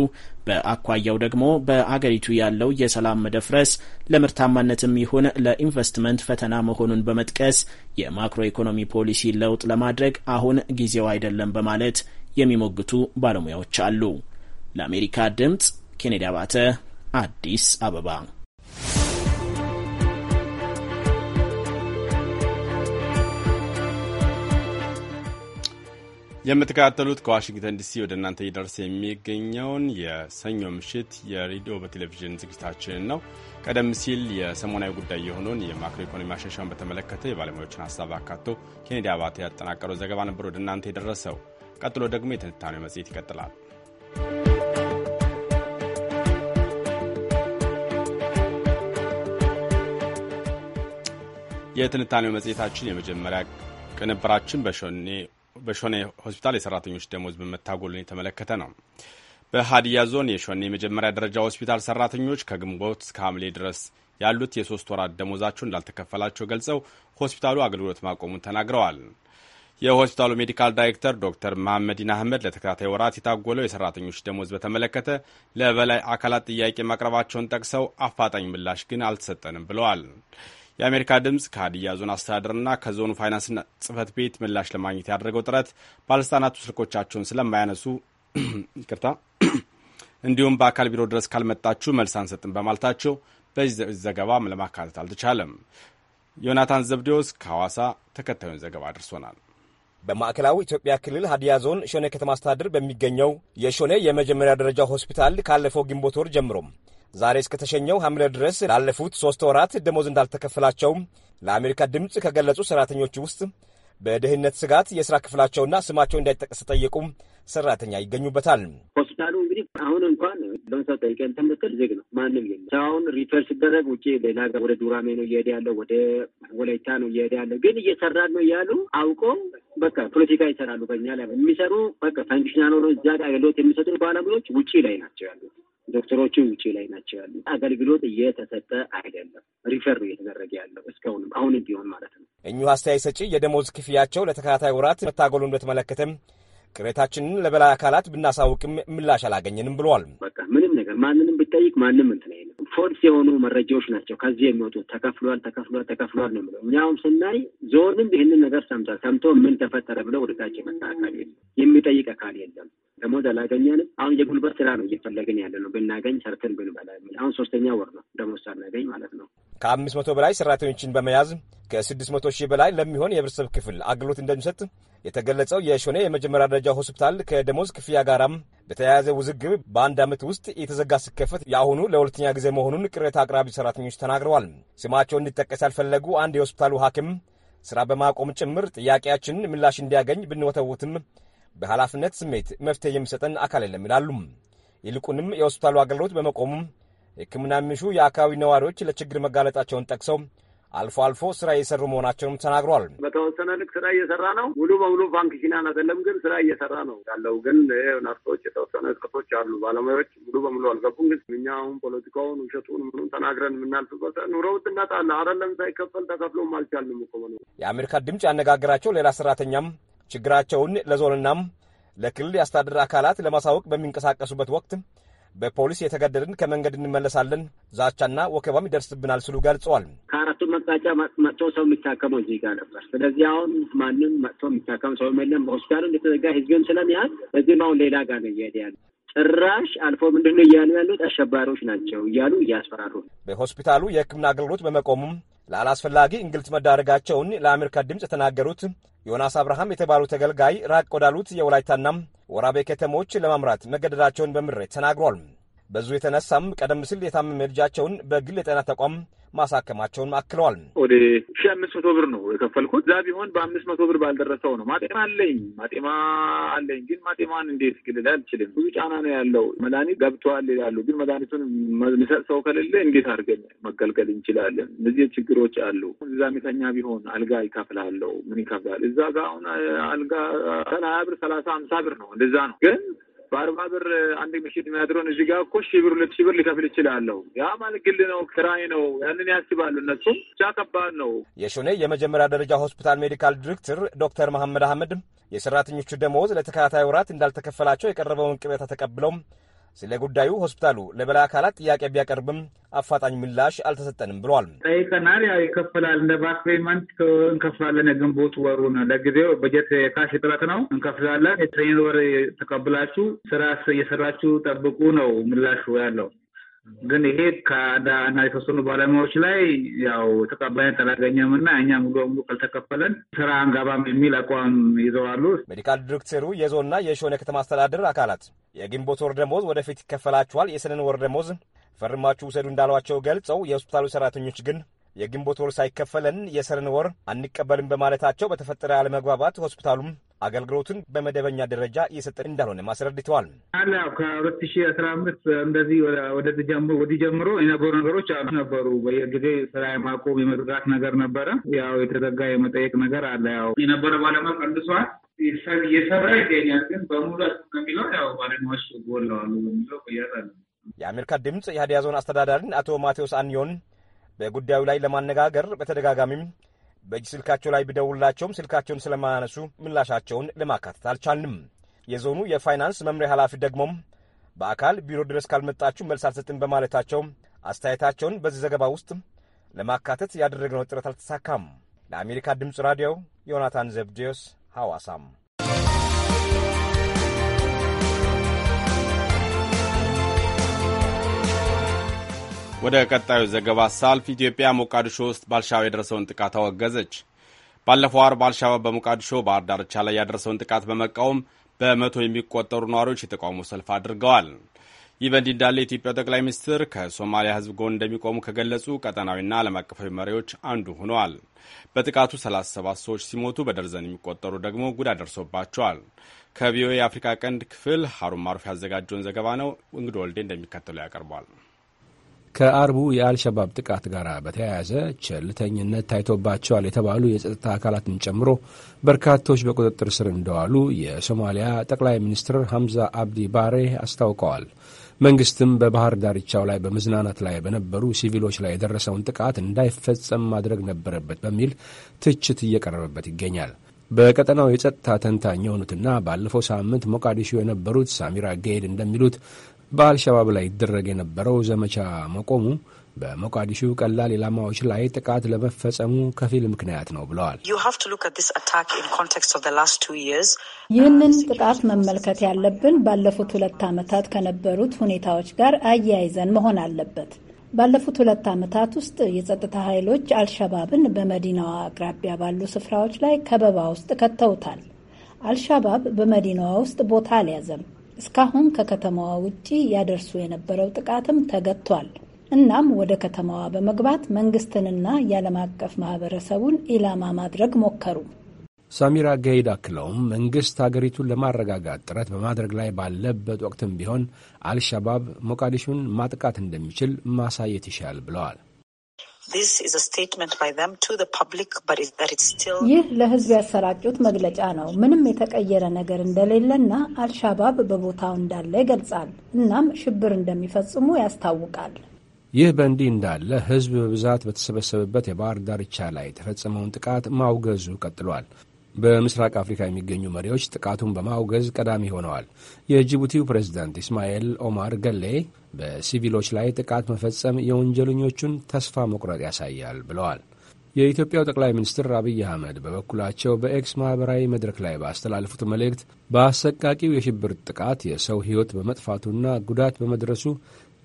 በአኳያው ደግሞ በአገሪቱ ያለው የሰላም መደፍረስ ለምርታማነትም ይሁን ለኢንቨስትመንት ፈተና መሆኑን በመጥቀስ የማክሮ ኢኮኖሚ ፖሊሲ ለውጥ ለማድረግ አሁን ጊዜው አይደለም በማለት የሚሞግቱ ባለሙያዎች አሉ። ለአሜሪካ ድምፅ ኬኔዲ አባተ አዲስ አበባ የምትከታተሉት ከዋሽንግተን ዲሲ ወደ እናንተ እየደረሰ የሚገኘውን የሰኞ ምሽት የሬዲዮ በቴሌቪዥን ዝግጅታችንን ነው። ቀደም ሲል የሰሞናዊ ጉዳይ የሆነውን የማክሮ ኢኮኖሚ ማሻሻያን በተመለከተ የባለሙያዎችን ሀሳብ አካቶ ኬኔዲ አባተ ያጠናቀረው ዘገባ ነበር ወደ እናንተ የደረሰው። ቀጥሎ ደግሞ የትንታኔው መጽሔት ይቀጥላል። የትንታኔው መጽሔታችን የመጀመሪያ ቅንብራችን በሾኔ በሾኔ ሆስፒታል የሰራተኞች ደሞዝ በመታጎሉን የተመለከተ ነው። በሀዲያ ዞን የሾኔ የመጀመሪያ ደረጃ ሆስፒታል ሰራተኞች ከግንቦት እስከ ሐምሌ ድረስ ያሉት የሶስት ወራት ደሞዛቸው እንዳልተከፈላቸው ገልጸው ሆስፒታሉ አገልግሎት ማቆሙን ተናግረዋል። የሆስፒታሉ ሜዲካል ዳይሬክተር ዶክተር መሐመዲን አህመድ ለተከታታይ ወራት የታጎለው የሰራተኞች ደሞዝ በተመለከተ ለበላይ አካላት ጥያቄ ማቅረባቸውን ጠቅሰው አፋጣኝ ምላሽ ግን አልተሰጠንም ብለዋል። የአሜሪካ ድምፅ ከሀዲያ ዞን አስተዳደርና ከዞኑ ፋይናንስና ጽህፈት ቤት ምላሽ ለማግኘት ያደረገው ጥረት ባለስልጣናቱ ስልኮቻቸውን ስለማያነሱ ይቅርታ፣ እንዲሁም በአካል ቢሮ ድረስ ካልመጣችሁ መልስ አንሰጥም በማለታቸው በዚህ ዘገባ ለማካተት አልተቻለም። ዮናታን ዘብዴዎስ ከሐዋሳ ተከታዩን ዘገባ አድርሶናል። በማዕከላዊ ኢትዮጵያ ክልል ሀዲያ ዞን ሾኔ ከተማ አስተዳደር በሚገኘው የሾኔ የመጀመሪያ ደረጃ ሆስፒታል ካለፈው ግንቦት ወር ጀምሮም ዛሬ እስከተሸኘው ሐምሌ ድረስ ላለፉት ሦስት ወራት ደሞዝ እንዳልተከፈላቸውም ለአሜሪካ ድምፅ ከገለጹ ሠራተኞች ውስጥ በደህንነት ስጋት የሥራ ክፍላቸውና ስማቸው እንዳይጠቀስ ጠየቁም ሠራተኛ ይገኙበታል። ሆስፒታሉ እንግዲህ አሁን እንኳን ለምሳ ጠይቀን ተምትል ዝግ ነው። ማንም የለም። አሁን ሪፈር ሲደረግ ውጭ ሌላ ወደ ዱራሜ ነው እየሄደ ያለው፣ ወደ ወላይታ ነው እየሄደ ያለው። ግን እየሰራ ነው እያሉ አውቆ በቃ ፖለቲካ ይሰራሉ። በእኛ ላይ የሚሰሩ በቃ ፈንክሽናል ሆኖ እዛ ጋር አገልግሎት የሚሰጡ ባለሙያዎች ውጭ ላይ ናቸው ያሉት ዶክተሮቹ ውጭ ላይ ናቸው ያሉ። አገልግሎት እየተሰጠ አይደለም፣ ሪፈር ነው እየተደረገ ያለው እስካሁንም አሁንም ቢሆን ማለት ነው። እኚሁ አስተያየት ሰጪ የደሞዝ ክፍያቸው ለተከታታይ ወራት መታገሉን በተመለከተም ቅሬታችንን ለበላይ አካላት ብናሳውቅም ምላሽ አላገኘንም ብለዋል። በቃ ምንም ነገር ማንንም ብጠይቅ ማንም እንትን ፎልስ የሆኑ መረጃዎች ናቸው ከዚህ የሚወጡት። ተከፍሏል፣ ተከፍሏል፣ ተከፍሏል ነው ብለው እኛውም ስናይ ዞንም ይህንን ነገር ሰምቷል። ሰምቶ ምን ተፈጠረ ብለው ወደታች የመጣ አካል የለም፣ የሚጠይቅ አካል የለም። ደሞዝ አላገኘንም። አሁን የጉልበት ስራ ነው እየፈለግን ያለ ነው። ብናገኝ ሰርተን ብንበላ አሁን ሶስተኛ ወር ነው ደሞዝ ሳናገኝ ማለት ነው። ከአምስት መቶ በላይ ሰራተኞችን በመያዝ ከስድስት መቶ ሺህ በላይ ለሚሆን የህብረተሰብ ክፍል አገልግሎት እንደሚሰጥ የተገለጸው የሾኔ የመጀመሪያ ደረጃ ሆስፒታል ከደሞዝ ክፍያ ጋራም በተያያዘ ውዝግብ በአንድ ዓመት ውስጥ የተዘጋ ሲከፈት የአሁኑ ለሁለተኛ ጊዜ መሆኑን ቅሬታ አቅራቢ ሰራተኞች ተናግረዋል። ስማቸው እንዲጠቀስ ያልፈለጉ አንድ የሆስፒታሉ ሐኪም ስራ በማቆም ጭምር ጥያቄያችንን ምላሽ እንዲያገኝ ብንወተውትም በኃላፊነት ስሜት መፍትሄ የሚሰጠን አካል የለም ይላሉ። ይልቁንም የሆስፒታሉ አገልግሎት በመቆሙ ሕክምና የሚሹ የአካባቢ ነዋሪዎች ለችግር መጋለጣቸውን ጠቅሰው አልፎ አልፎ ስራ እየሰሩ መሆናቸውንም ተናግሯል። በተወሰነ ልክ ስራ እየሰራ ነው። ሙሉ በሙሉ ፋንክሽናን አይደለም፣ ግን ስራ እየሰራ ነው ያለው። ግን ነርሶች የተወሰነ እጥረቶች አሉ። ባለሙያዎች ሙሉ በሙሉ አልገቡም። ግን እኛውን ፖለቲካውን፣ ውሸቱን ምኑን ተናግረን የምናልፍበት ኑሮ ውድነት አለ አይደለም። ሳይከፈል ተከፍሎም አልቻልም እኮ ነው። የአሜሪካ ድምፅ ያነጋገራቸው ሌላ ሰራተኛም ችግራቸውን ለዞንናም ለክልል የአስተዳደር አካላት ለማሳወቅ በሚንቀሳቀሱበት ወቅት በፖሊስ የተገደድን ከመንገድ እንመለሳለን፣ ዛቻና ወከባም ይደርስብናል ስሉ ገልጸዋል። ከአራቱም መቅጣጫ መጥቶ ሰው የሚታከመው እዚህ ጋር ነበር። ስለዚህ አሁን ማንም መጥቶ የሚታከም ሰው የለም። በሆስፒታሉ እንደተዘጋ ህዝብም ስለሚያል እዚህም አሁን ሌላ ጋር ነው እየሄደ ያለ ጭራሽ አልፎ ምንድን ነው እያሉ ያሉት አሸባሪዎች ናቸው እያሉ እያስፈራሩ በሆስፒታሉ የህክምና አገልግሎት በመቆሙም ለአላስፈላጊ እንግልት መዳረጋቸውን ለአሜሪካ ድምፅ የተናገሩት ዮናስ አብርሃም የተባሉ ተገልጋይ ራቅ ወዳሉት የወላይታና ወራቤ ከተሞች ለማምራት መገደዳቸውን በምሬት ተናግሯል። በዙ የተነሳም ቀደም ሲል የታመመ ልጃቸውን በግል የጤና ተቋም ማሳከማቸውን አክለዋል። ወደ ሺ አምስት መቶ ብር ነው የከፈልኩት። እዛ ቢሆን በአምስት መቶ ብር ባልደረሰው ነው። ማጤማ አለኝ ማጤማ አለኝ፣ ግን ማጤማን እንዴት ክልል አልችልም። ብዙ ጫና ነው ያለው። መድኃኒት ገብተዋል ይላሉ፣ ግን መድኃኒቱን የሚሰጥ ሰው ከሌለ እንዴት አድርገን መገልገል እንችላለን? እነዚህ ችግሮች አሉ። እዛ ሚተኛ ቢሆን አልጋ ይከፍላለው ምን ይከፍላል? እዛ ጋ አሁን አልጋ ሀያ ብር ሰላሳ አምሳ ብር ነው እንደዛ ነው ግን በአርባ ብር አንድ ምሽት የሚያድረውን እዚህ ጋር እኮ ሺህ ብር ሁለት ሺህ ብር ሊከፍል ይችላለሁ። ያ ማለት ግል ነው፣ ክራይ ነው፣ ያንን ያስባሉ እነሱም ብቻ ከባድ ነው። የሾኔ የመጀመሪያ ደረጃ ሆስፒታል ሜዲካል ዲሬክተር ዶክተር መሐመድ አህመድ የሰራተኞቹ ደመወዝ ለተከታታይ ወራት እንዳልተከፈላቸው የቀረበውን ቅሬታ ተቀብለውም ስለ ጉዳዩ ሆስፒታሉ አካላት ጥያቄ ቢያቀርብም አፋጣኝ ምላሽ አልተሰጠንም ብሏል። ጠይቀናል። ያው ይከፍላል እንደ ባክ ፔመንት እንከፍላለን። የግንቦት ወሩን ለጊዜው በጀት የካሽ እጥረት ነው እንከፍላለን። የትሬኒንግ ወር ተቀብላችሁ ስራ እየሰራችሁ ጠብቁ ነው ምላሹ ያለው። ግን ይሄ ከአዳና የተወሰኑ ባለሙያዎች ላይ ያው ተቀባይነት አላገኘም እና እኛ ሙሉ በሙሉ ካልተከፈለን ስራ አንገባም የሚል አቋም ይዘዋሉ። ሜዲካል ዲሬክተሩ የዞንና የሾነ ከተማ አስተዳደር አካላት የግንቦት ወር ደሞዝ ወደፊት ይከፈላችኋል፣ የሰኔን ወር ደሞዝ ፈርማችሁ ውሰዱ እንዳሏቸው ገልጸው የሆስፒታሉ ሰራተኞች ግን የግንቦት ወር ሳይከፈለን የሰርን ወር አንቀበልም በማለታቸው በተፈጠረ አለመግባባት ሆስፒታሉም አገልግሎቱን በመደበኛ ደረጃ እየሰጠ እንዳልሆነ አስረድተዋል። አለ ያው ከሁለት ሺህ አስራ አምስት እንደዚህ ወዲህ ጀምሮ የነበሩ ነገሮች አሉ ነበሩ። በየጊዜ ስራ የማቆም የመዝጋት ነገር ነበረ። ያው የተዘጋ የመጠየቅ ነገር አለ። ያው የነበረ ባለማ ቀንድሷል እየሰራ ይገኛል። ግን በሙሉ ከሚለው ያው ባለሙያዎች ጎለዋሉ በሚለው ቅያት አለ። የአሜሪካ ድምፅ የሀዲያ ዞን አስተዳዳሪን አቶ ማቴዎስ አንዮን በጉዳዩ ላይ ለማነጋገር በተደጋጋሚም በእጅ ስልካቸው ላይ ቢደውላቸውም ስልካቸውን ስለማያነሱ ምላሻቸውን ለማካተት አልቻልንም። የዞኑ የፋይናንስ መምሪያ ኃላፊ ደግሞም በአካል ቢሮ ድረስ ካልመጣችሁ መልስ አልሰጥን በማለታቸው አስተያየታቸውን በዚህ ዘገባ ውስጥ ለማካተት ያደረግነው ጥረት አልተሳካም። ለአሜሪካ ድምፅ ራዲዮ ዮናታን ዘብዴዎስ ሐዋሳም ወደ ቀጣዩ ዘገባ ሳልፍ ኢትዮጵያ ሞቃዲሾ ውስጥ በአልሻባብ የደረሰውን ጥቃት አወገዘች። ባለፈው አርብ አልሻባብ በሞቃዲሾ ባህር ዳርቻ ላይ ያደረሰውን ጥቃት በመቃወም በመቶ የሚቆጠሩ ነዋሪዎች የተቃውሞ ሰልፍ አድርገዋል። ይህ በእንዲህ እንዳለ የኢትዮጵያ ጠቅላይ ሚኒስትር ከሶማሊያ ሕዝብ ጎን እንደሚቆሙ ከገለጹ ቀጠናዊና ዓለም አቀፋዊ መሪዎች አንዱ ሆነዋል። በጥቃቱ 37 ሰዎች ሲሞቱ በደርዘን የሚቆጠሩ ደግሞ ጉዳት ደርሶባቸዋል። ከቪኦኤ የአፍሪካ ቀንድ ክፍል ሀሩን ማሩፍ ያዘጋጀውን ዘገባ ነው እንግዶ ወልዴ እንደሚከተለው ያቀርቧል። ከአርቡ የአልሸባብ ጥቃት ጋር በተያያዘ ቸልተኝነት ታይቶባቸዋል የተባሉ የጸጥታ አካላትን ጨምሮ በርካቶች በቁጥጥር ስር እንደዋሉ የሶማሊያ ጠቅላይ ሚኒስትር ሐምዛ አብዲ ባሬ አስታውቀዋል። መንግስትም በባህር ዳርቻው ላይ በመዝናናት ላይ በነበሩ ሲቪሎች ላይ የደረሰውን ጥቃት እንዳይፈጸም ማድረግ ነበረበት በሚል ትችት እየቀረበበት ይገኛል። በቀጠናው የጸጥታ ተንታኝ የሆኑትና ባለፈው ሳምንት ሞቃዲሾ የነበሩት ሳሚራ ገይድ እንደሚሉት በአልሸባብ ላይ ይደረግ የነበረው ዘመቻ መቆሙ በሞቃዲሹ ቀላል ኢላማዎች ላይ ጥቃት ለመፈጸሙ ከፊል ምክንያት ነው ብለዋል። ይህንን ጥቃት መመልከት ያለብን ባለፉት ሁለት ዓመታት ከነበሩት ሁኔታዎች ጋር አያይዘን መሆን አለበት። ባለፉት ሁለት ዓመታት ውስጥ የጸጥታ ኃይሎች አልሸባብን በመዲናዋ አቅራቢያ ባሉ ስፍራዎች ላይ ከበባ ውስጥ ከተውታል። አልሻባብ በመዲናዋ ውስጥ ቦታ አልያዘም። እስካሁን ከከተማዋ ውጪ ያደርሱ የነበረው ጥቃትም ተገጥቷል። እናም ወደ ከተማዋ በመግባት መንግስትንና የዓለም አቀፍ ማህበረሰቡን ኢላማ ማድረግ ሞከሩ። ሳሚራ ገይድ አክለውም መንግስት ሀገሪቱን ለማረጋጋት ጥረት በማድረግ ላይ ባለበት ወቅትም ቢሆን አልሻባብ ሞቃዲሹን ማጥቃት እንደሚችል ማሳየት ይሻል ብለዋል። ይህ ለህዝብ ያሰራጩት መግለጫ ነው። ምንም የተቀየረ ነገር እንደሌለና አልሻባብ በቦታው እንዳለ ይገልጻል። እናም ሽብር እንደሚፈጽሙ ያስታውቃል። ይህ በእንዲህ እንዳለ ህዝብ በብዛት በተሰበሰበበት የባህር ዳርቻ ላይ የተፈጸመውን ጥቃት ማውገዙ ቀጥሏል። በምስራቅ አፍሪካ የሚገኙ መሪዎች ጥቃቱን በማውገዝ ቀዳሚ ሆነዋል። የጅቡቲው ፕሬዝዳንት ኢስማኤል ኦማር ገሌ በሲቪሎች ላይ ጥቃት መፈጸም የወንጀለኞቹን ተስፋ መቁረጥ ያሳያል ብለዋል። የኢትዮጵያው ጠቅላይ ሚኒስትር አብይ አህመድ በበኩላቸው በኤክስ ማኅበራዊ መድረክ ላይ ባስተላለፉት መልእክት በአሰቃቂው የሽብር ጥቃት የሰው ሕይወት በመጥፋቱና ጉዳት በመድረሱ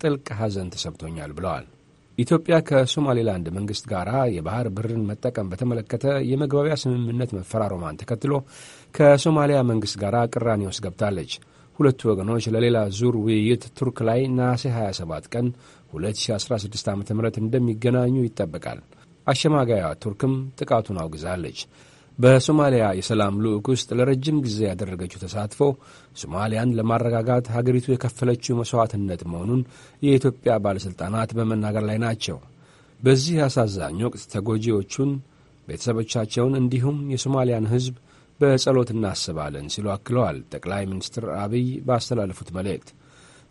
ጥልቅ ሐዘን ተሰምቶኛል ብለዋል። ኢትዮጵያ ከሶማሌላንድ መንግሥት ጋር የባህር ብርን መጠቀም በተመለከተ የመግባቢያ ስምምነት መፈራረሟን ተከትሎ ከሶማሊያ መንግሥት ጋር ቅራኔ ውስጥ ገብታለች። ሁለቱ ወገኖች ለሌላ ዙር ውይይት ቱርክ ላይ ነሐሴ 27 ቀን 2016 ዓ ም እንደሚገናኙ ይጠበቃል። አሸማጋያ ቱርክም ጥቃቱን አውግዛለች። በሶማሊያ የሰላም ልዑክ ውስጥ ለረጅም ጊዜ ያደረገችው ተሳትፎ ሶማሊያን ለማረጋጋት ሀገሪቱ የከፈለችው መሥዋዕትነት መሆኑን የኢትዮጵያ ባለሥልጣናት በመናገር ላይ ናቸው። በዚህ አሳዛኝ ወቅት ተጎጂዎቹን ቤተሰቦቻቸውን እንዲሁም የሶማሊያን ሕዝብ በጸሎት እናስባለን ሲሉ አክለዋል። ጠቅላይ ሚኒስትር አብይ ባስተላለፉት መልእክት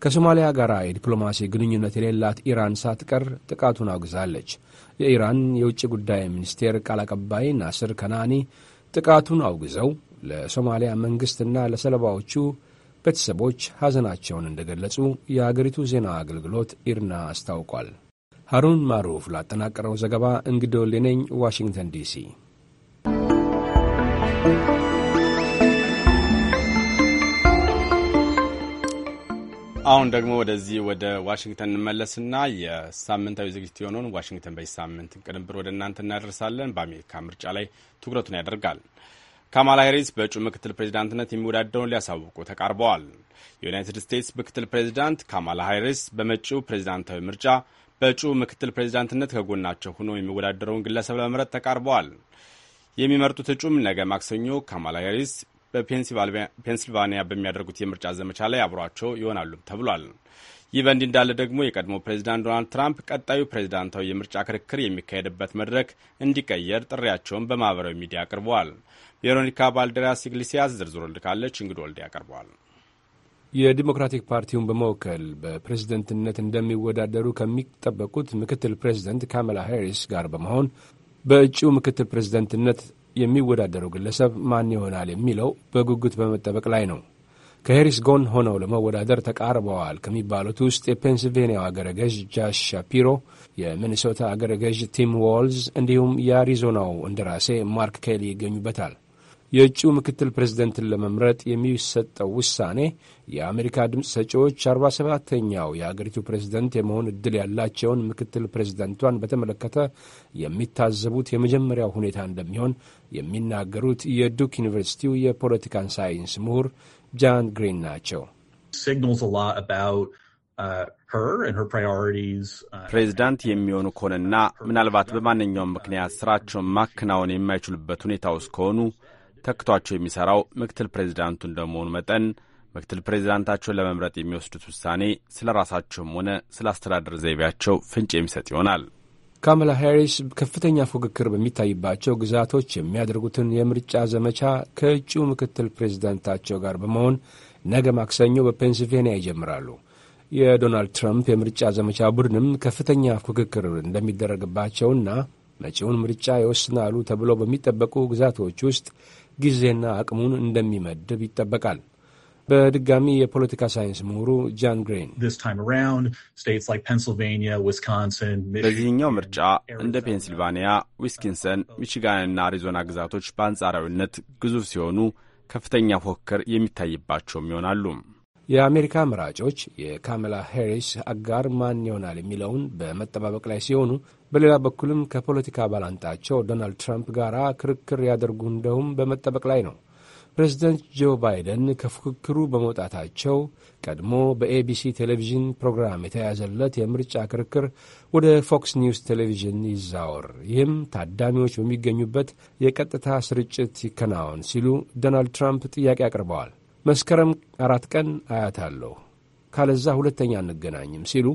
ከሶማሊያ ጋር የዲፕሎማሲ ግንኙነት የሌላት ኢራን ሳትቀር ጥቃቱን አውግዛለች። የኢራን የውጭ ጉዳይ ሚኒስቴር ቃል አቀባይ ናስር ከናኒ ጥቃቱን አውግዘው ለሶማሊያ መንግሥትና ለሰለባዎቹ ቤተሰቦች ሐዘናቸውን እንደገለጹ የአገሪቱ ዜና አገልግሎት ኢርና አስታውቋል። ሀሩን ማሩፍ ላጠናቀረው ዘገባ እንግዶ ሌነኝ ዋሽንግተን ዲሲ አሁን ደግሞ ወደዚህ ወደ ዋሽንግተን እንመለስና የሳምንታዊ ዝግጅት የሆነውን ዋሽንግተን በዚህ ሳምንት ቅንብር ወደ እናንተ እናደርሳለን። በአሜሪካ ምርጫ ላይ ትኩረቱን ያደርጋል። ካማላ ሄሪስ በእጩ ምክትል ፕሬዚዳንትነት የሚወዳደረውን ሊያሳውቁ ተቃርበዋል። የዩናይትድ ስቴትስ ምክትል ፕሬዚዳንት ካማላ ሄሪስ በመጪው ፕሬዚዳንታዊ ምርጫ በእጩ ምክትል ፕሬዚዳንትነት ከጎናቸው ሆኖ የሚወዳደረውን ግለሰብ ለመምረጥ ተቃርበዋል። የሚመርጡት እጩም ነገ ማክሰኞ ካማላ ሄሪስ በፔንሲልቫኒያ በሚያደርጉት የምርጫ ዘመቻ ላይ አብሯቸው ይሆናሉ ተብሏል። ይህ በእንዲህ እንዳለ ደግሞ የቀድሞ ፕሬዚዳንት ዶናልድ ትራምፕ ቀጣዩ ፕሬዚዳንታዊ የምርጫ ክርክር የሚካሄድበት መድረክ እንዲቀየር ጥሪያቸውን በማህበራዊ ሚዲያ አቅርበዋል። ቬሮኒካ ባልደራስ ኢግሊሲያስ ዝርዝሩን ልካለች። እንግዶ ወልዴ ያቀርበዋል። የዲሞክራቲክ ፓርቲውን በመወከል በፕሬዝደንትነት እንደሚወዳደሩ ከሚጠበቁት ምክትል ፕሬዝደንት ካማላ ሃሪስ ጋር በመሆን በእጩው ምክትል ፕሬዝደንትነት የሚወዳደረው ግለሰብ ማን ይሆናል የሚለው በጉጉት በመጠበቅ ላይ ነው። ከሄሪስ ጎን ሆነው ለመወዳደር ተቃርበዋል ከሚባሉት ውስጥ የፔንስልቬንያው አገረ ገዥ ጃሽ ሻፒሮ፣ የሚኒሶታ አገረ ገዥ ቲም ዋልዝ እንዲሁም የአሪዞናው እንደራሴ ማርክ ኬሊ ይገኙበታል። የእጩ ምክትል ፕሬዝደንትን ለመምረጥ የሚሰጠው ውሳኔ የአሜሪካ ድምፅ ሰጪዎች 47ተኛው የአገሪቱ ፕሬዝደንት የመሆን እድል ያላቸውን ምክትል ፕሬዝደንቷን በተመለከተ የሚታዘቡት የመጀመሪያው ሁኔታ እንደሚሆን የሚናገሩት የዱክ ዩኒቨርሲቲው የፖለቲካን ሳይንስ ምሁር ጃን ግሪን ናቸው። uh, uh, ፕሬዚዳንት የሚሆኑ ከሆነና ምናልባት በማንኛውም ምክንያት ስራቸውን ማከናወን የማይችሉበት ሁኔታ ውስጥ ከሆኑ ተክቷቸው የሚሠራው ምክትል ፕሬዚዳንቱ እንደመሆኑ መጠን ምክትል ፕሬዚዳንታቸውን ለመምረጥ የሚወስዱት ውሳኔ ስለ ራሳቸውም ሆነ ስለ አስተዳደር ዘይቤያቸው ፍንጭ የሚሰጥ ይሆናል። ካማላ ሃሪስ ከፍተኛ ፉክክር በሚታይባቸው ግዛቶች የሚያደርጉትን የምርጫ ዘመቻ ከእጩ ምክትል ፕሬዚዳንታቸው ጋር በመሆን ነገ ማክሰኞ በፔንስልቬንያ ይጀምራሉ። የዶናልድ ትራምፕ የምርጫ ዘመቻ ቡድንም ከፍተኛ ፉክክር እንደሚደረግባቸውና መጪውን ምርጫ ይወስናሉ ተብለው በሚጠበቁ ግዛቶች ውስጥ ጊዜና አቅሙን እንደሚመድብ ይጠበቃል። በድጋሚ የፖለቲካ ሳይንስ ምሁሩ ጃን ግሬን በዚህኛው ምርጫ እንደ ፔንሲልቫኒያ፣ ዊስኪንሰን፣ ሚችጋንና አሪዞና ግዛቶች በአንጻራዊነት ግዙፍ ሲሆኑ ከፍተኛ ፎክር የሚታይባቸውም ይሆናሉ። የአሜሪካ መራጮች የካሜላ ሄሪስ አጋር ማን ይሆናል የሚለውን በመጠባበቅ ላይ ሲሆኑ በሌላ በኩልም ከፖለቲካ ባላንጣቸው ዶናልድ ትራምፕ ጋር ክርክር ያደርጉ እንደውም በመጠበቅ ላይ ነው። ፕሬዚደንት ጆ ባይደን ከፉክክሩ በመውጣታቸው ቀድሞ በኤቢሲ ቴሌቪዥን ፕሮግራም የተያዘለት የምርጫ ክርክር ወደ ፎክስ ኒውስ ቴሌቪዥን ይዛወር፣ ይህም ታዳሚዎች በሚገኙበት የቀጥታ ስርጭት ይከናወን ሲሉ ዶናልድ ትራምፕ ጥያቄ አቅርበዋል። መስከረም አራት ቀን አያታለሁ፣ ካለዛ ሁለተኛ አንገናኝም ሲሉ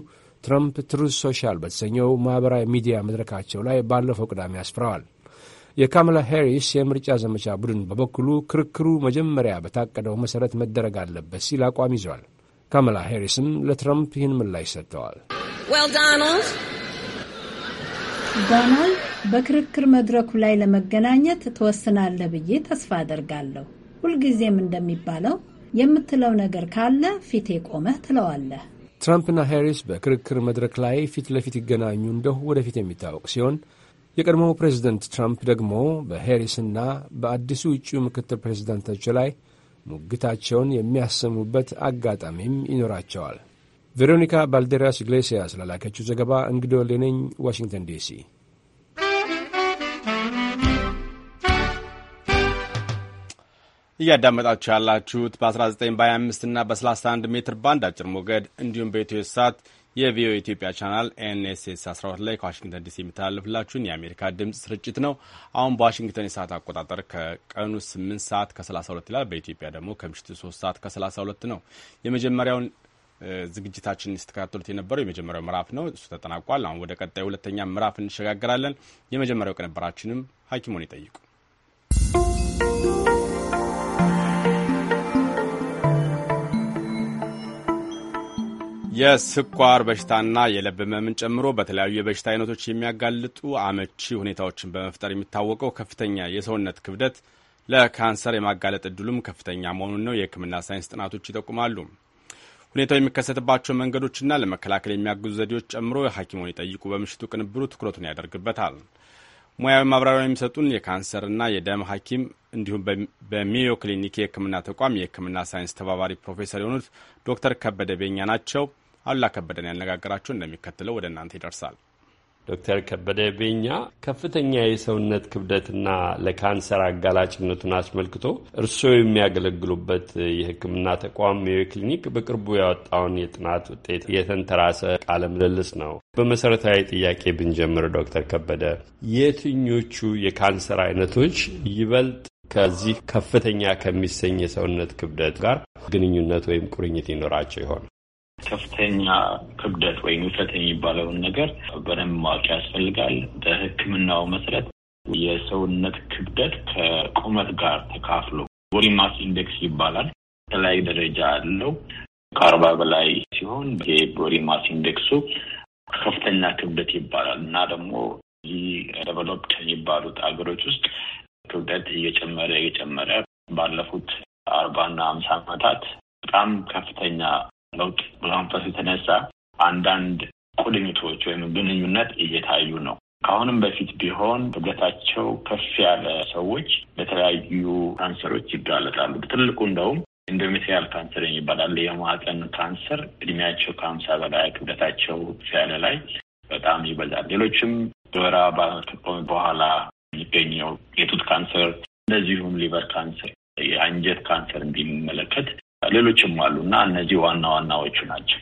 ትራምፕ ትሩዝ ሶሻል በተሰኘው ማኅበራዊ ሚዲያ መድረካቸው ላይ ባለፈው ቅዳሜ አስፍረዋል። የካማላ ሄሪስ የምርጫ ዘመቻ ቡድን በበኩሉ ክርክሩ መጀመሪያ በታቀደው መሠረት መደረግ አለበት ሲል አቋም ይዟል። ካማላ ሄሪስም ለትራምፕ ይህን ምላሽ ሰጥተዋል። ዶናልድ፣ በክርክር መድረኩ ላይ ለመገናኘት ትወስናለህ ብዬ ተስፋ አደርጋለሁ። ሁልጊዜም እንደሚባለው የምትለው ነገር ካለ ፊቴ ቆመህ ትለዋለህ ትራምፕና ሄሪስ በክርክር መድረክ ላይ ፊት ለፊት ይገናኙ እንደሁ ወደፊት የሚታወቅ ሲሆን የቀድሞው ፕሬዚደንት ትራምፕ ደግሞ በሄሪስና በአዲሱ እጩ ምክትል ፕሬዚዳንቶች ላይ ሙግታቸውን የሚያሰሙበት አጋጣሚም ይኖራቸዋል። ቬሮኒካ ባልዴራስ ኢግሌሲያስ ለላከችው ዘገባ እንግዶ ሌነኝ ዋሽንግተን ዲሲ እያዳመጣችሁ ያላችሁት በ19 በ25 እና በ31 ሜትር ባንድ አጭር ሞገድ እንዲሁም በኢትዮ ሳት የቪኦኤ ኢትዮጵያ ቻናል ኤንኤስኤስ 12 ላይ ከዋሽንግተን ዲሲ የሚተላለፍላችሁን የአሜሪካ ድምፅ ስርጭት ነው። አሁን በዋሽንግተን የሰዓት አቆጣጠር ከቀኑ 8 ሰዓት ከ32 ይላል። በኢትዮጵያ ደግሞ ከምሽቱ 3 ሰዓት ከ32 ነው። የመጀመሪያውን ዝግጅታችን ስተከታተሉት የነበረው የመጀመሪያው ምዕራፍ ነው። እሱ ተጠናቋል። አሁን ወደ ቀጣይ ሁለተኛ ምዕራፍ እንሸጋግራለን። የመጀመሪያው ቅንብራችንም ሐኪሙን ይጠይቁ የስኳር በሽታና የልብ ህመምን ጨምሮ በተለያዩ የበሽታ አይነቶች የሚያጋልጡ አመቺ ሁኔታዎችን በመፍጠር የሚታወቀው ከፍተኛ የሰውነት ክብደት ለካንሰር የማጋለጥ እድሉም ከፍተኛ መሆኑን ነው የህክምና ሳይንስ ጥናቶች ይጠቁማሉ። ሁኔታው የሚከሰትባቸው መንገዶችና ለመከላከል የሚያግዙ ዘዴዎች ጨምሮ ሐኪሞን ይጠይቁ በምሽቱ ቅንብሩ ትኩረቱን ያደርግበታል። ሙያዊ ማብራሪያ የሚሰጡን የካንሰርና የደም ሐኪም እንዲሁም በሚዮ ክሊኒክ የህክምና ተቋም የህክምና ሳይንስ ተባባሪ ፕሮፌሰር የሆኑት ዶክተር ከበደ ቤኛ ናቸው። አሉላ ከበደን ያነጋገራቸው እንደሚከተለው ወደ እናንተ ይደርሳል። ዶክተር ከበደ ቤኛ ከፍተኛ የሰውነት ክብደትና ለካንሰር አጋላጭነቱን አስመልክቶ እርስዎ የሚያገለግሉበት የሕክምና ተቋም ሜዮ ክሊኒክ በቅርቡ ያወጣውን የጥናት ውጤት የተንተራሰ ቃለ ምልልስ ነው። በመሰረታዊ ጥያቄ ብንጀምር፣ ዶክተር ከበደ የትኞቹ የካንሰር አይነቶች ይበልጥ ከዚህ ከፍተኛ ከሚሰኝ የሰውነት ክብደት ጋር ግንኙነት ወይም ቁርኝት ይኖራቸው ይሆን? ከፍተኛ ክብደት ወይም ውፍረት የሚባለውን ነገር በደንብ ማወቅ ያስፈልጋል። በሕክምናው መሰረት የሰውነት ክብደት ከቁመት ጋር ተካፍሎ ቦዲ ማስ ኢንዴክስ ይባላል። የተለያዩ ደረጃ አለው። ከአርባ በላይ ሲሆን የቦዲ ማስ ኢንዴክሱ ከፍተኛ ክብደት ይባላል እና ደግሞ እዚህ ደቨሎፕድ የሚባሉት ሀገሮች ውስጥ ክብደት እየጨመረ እየጨመረ ባለፉት አርባና ሀምሳ ዓመታት በጣም ከፍተኛ ለውጥ በመንፈሱ የተነሳ አንዳንድ ቁልኝቶች ወይም ግንኙነት እየታዩ ነው። ከአሁንም በፊት ቢሆን ክብደታቸው ከፍ ያለ ሰዎች ለተለያዩ ካንሰሮች ይጋለጣሉ። ትልቁ እንደውም ኢንዶሜትሪያል ካንሰር ይባላል። የማህፀን ካንሰር እድሜያቸው ከሀምሳ በላይ ክብደታቸው ከፍ ያለ ላይ በጣም ይበዛል። ሌሎችም በወር አበባ ከቆመ በኋላ የሚገኘው የጡት ካንሰር እንደዚሁም ሊቨር ካንሰር፣ የአንጀት ካንሰር ቢመለከት ሌሎችም አሉ እና እነዚህ ዋና ዋናዎቹ ናቸው።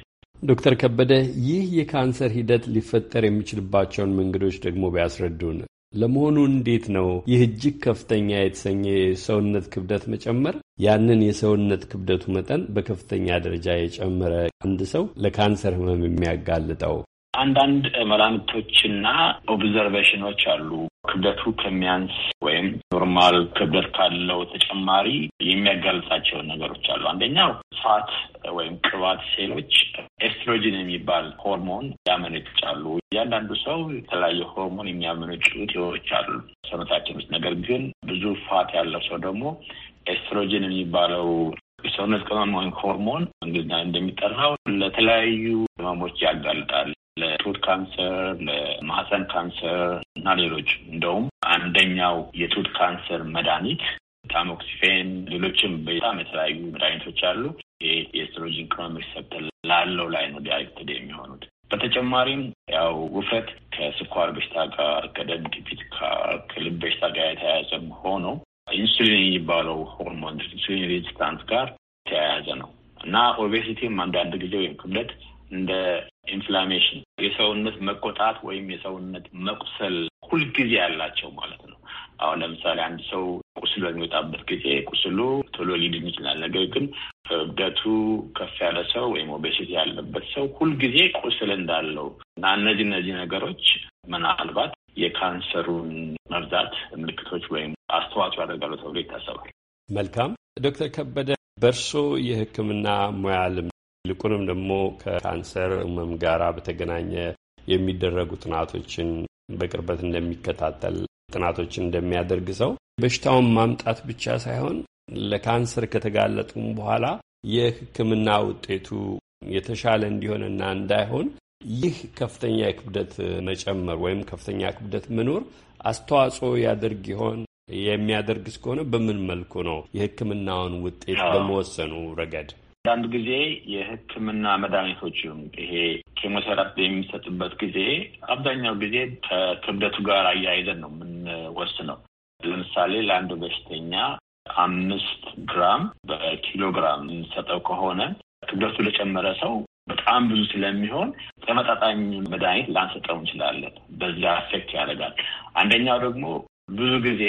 ዶክተር ከበደ ይህ የካንሰር ሂደት ሊፈጠር የሚችልባቸውን መንገዶች ደግሞ ቢያስረዱን። ለመሆኑ እንዴት ነው ይህ እጅግ ከፍተኛ የተሰኘ የሰውነት ክብደት መጨመር ያንን የሰውነት ክብደቱ መጠን በከፍተኛ ደረጃ የጨመረ አንድ ሰው ለካንሰር ህመም የሚያጋልጠው? አንዳንድ መላምቶችና ኦብዘርቬሽኖች አሉ። ክብደቱ ከሚያንስ ወይም ኖርማል ክብደት ካለው ተጨማሪ የሚያጋልጻቸው ነገሮች አሉ። አንደኛው ፋት ወይም ቅባት ሴሎች ኤስትሮጂን የሚባል ሆርሞን ያመነጫሉ። እያንዳንዱ ሰው የተለያየ ሆርሞን የሚያመነጩ ቴዎች አሉ ሰውነታችን ውስጥ። ነገር ግን ብዙ ፋት ያለው ሰው ደግሞ ኤስትሮጂን የሚባለው የሰውነት ቅመም ወይም ሆርሞን እንግዲህ እንደሚጠራው ለተለያዩ ህመሞች ያጋልጣል። ለጡት ካንሰር፣ ለማህፀን ካንሰር እና ሌሎች እንደውም አንደኛው የጡት ካንሰር መድኃኒት ታሞክሲፌን፣ ሌሎችም በጣም የተለያዩ መድኃኒቶች አሉ። ይህ የኤስትሮጂን ቅመም ሪሰፕተር ላለው ላይ ነው ዳይሬክትድ የሚሆኑት። በተጨማሪም ያው ውፍረት ከስኳር በሽታ ጋር ከደም ግፊት ጋር ከልብ በሽታ ጋር የተያያዘም ሆኖ ኢንሱሊን የሚባለው ሆርሞን ኢንሱሊን ሬዚስታንስ ጋር የተያያዘ ነው እና ኦቤሲቲም አንዳንድ ጊዜ ወይም ክብደት እንደ ኢንፍላሜሽን የሰውነት መቆጣት ወይም የሰውነት መቁሰል ሁልጊዜ ያላቸው ማለት ነው። አሁን ለምሳሌ አንድ ሰው ቁስል በሚወጣበት ጊዜ ቁስሉ ቶሎ ሊድን ይችላል። ነገር ግን እብደቱ ከፍ ያለ ሰው ወይም ኦቤሲቲ ያለበት ሰው ሁልጊዜ ቁስል እንዳለው እና እነዚህ እነዚህ ነገሮች ምናልባት የካንሰሩን መብዛት ምልክቶች ወይም አስተዋጽኦ ያደርጋሉ ተብሎ ይታሰባል። መልካም ዶክተር ከበደ በእርሶ የሕክምና ሙያ ልምድ ይልቁንም ደግሞ ከካንሰር ህመም ጋራ በተገናኘ የሚደረጉ ጥናቶችን በቅርበት እንደሚከታተል ጥናቶችን እንደሚያደርግ ሰው በሽታውን ማምጣት ብቻ ሳይሆን ለካንሰር ከተጋለጡም በኋላ የህክምና ውጤቱ የተሻለ እንዲሆንና እንዳይሆን ይህ ከፍተኛ የክብደት መጨመር ወይም ከፍተኛ ክብደት መኖር አስተዋጽኦ ያደርግ ይሆን? የሚያደርግ እስከሆነ በምን መልኩ ነው የህክምናውን ውጤት በመወሰኑ ረገድ አንዳንድ ጊዜ የሕክምና መድኃኒቶችም ይሄ ኬሞቴራፒ የሚሰጥበት ጊዜ አብዛኛው ጊዜ ከክብደቱ ጋር አያይዘን ነው የምንወስነው። ለምሳሌ ለአንድ በሽተኛ አምስት ግራም ግራም የምንሰጠው ከሆነ ክብደቱ ለጨመረ ሰው በጣም ብዙ ስለሚሆን ተመጣጣኝ መድኃኒት ላንሰጠው እንችላለን። በዚያ አፌክት ያደርጋል። አንደኛው ደግሞ ብዙ ጊዜ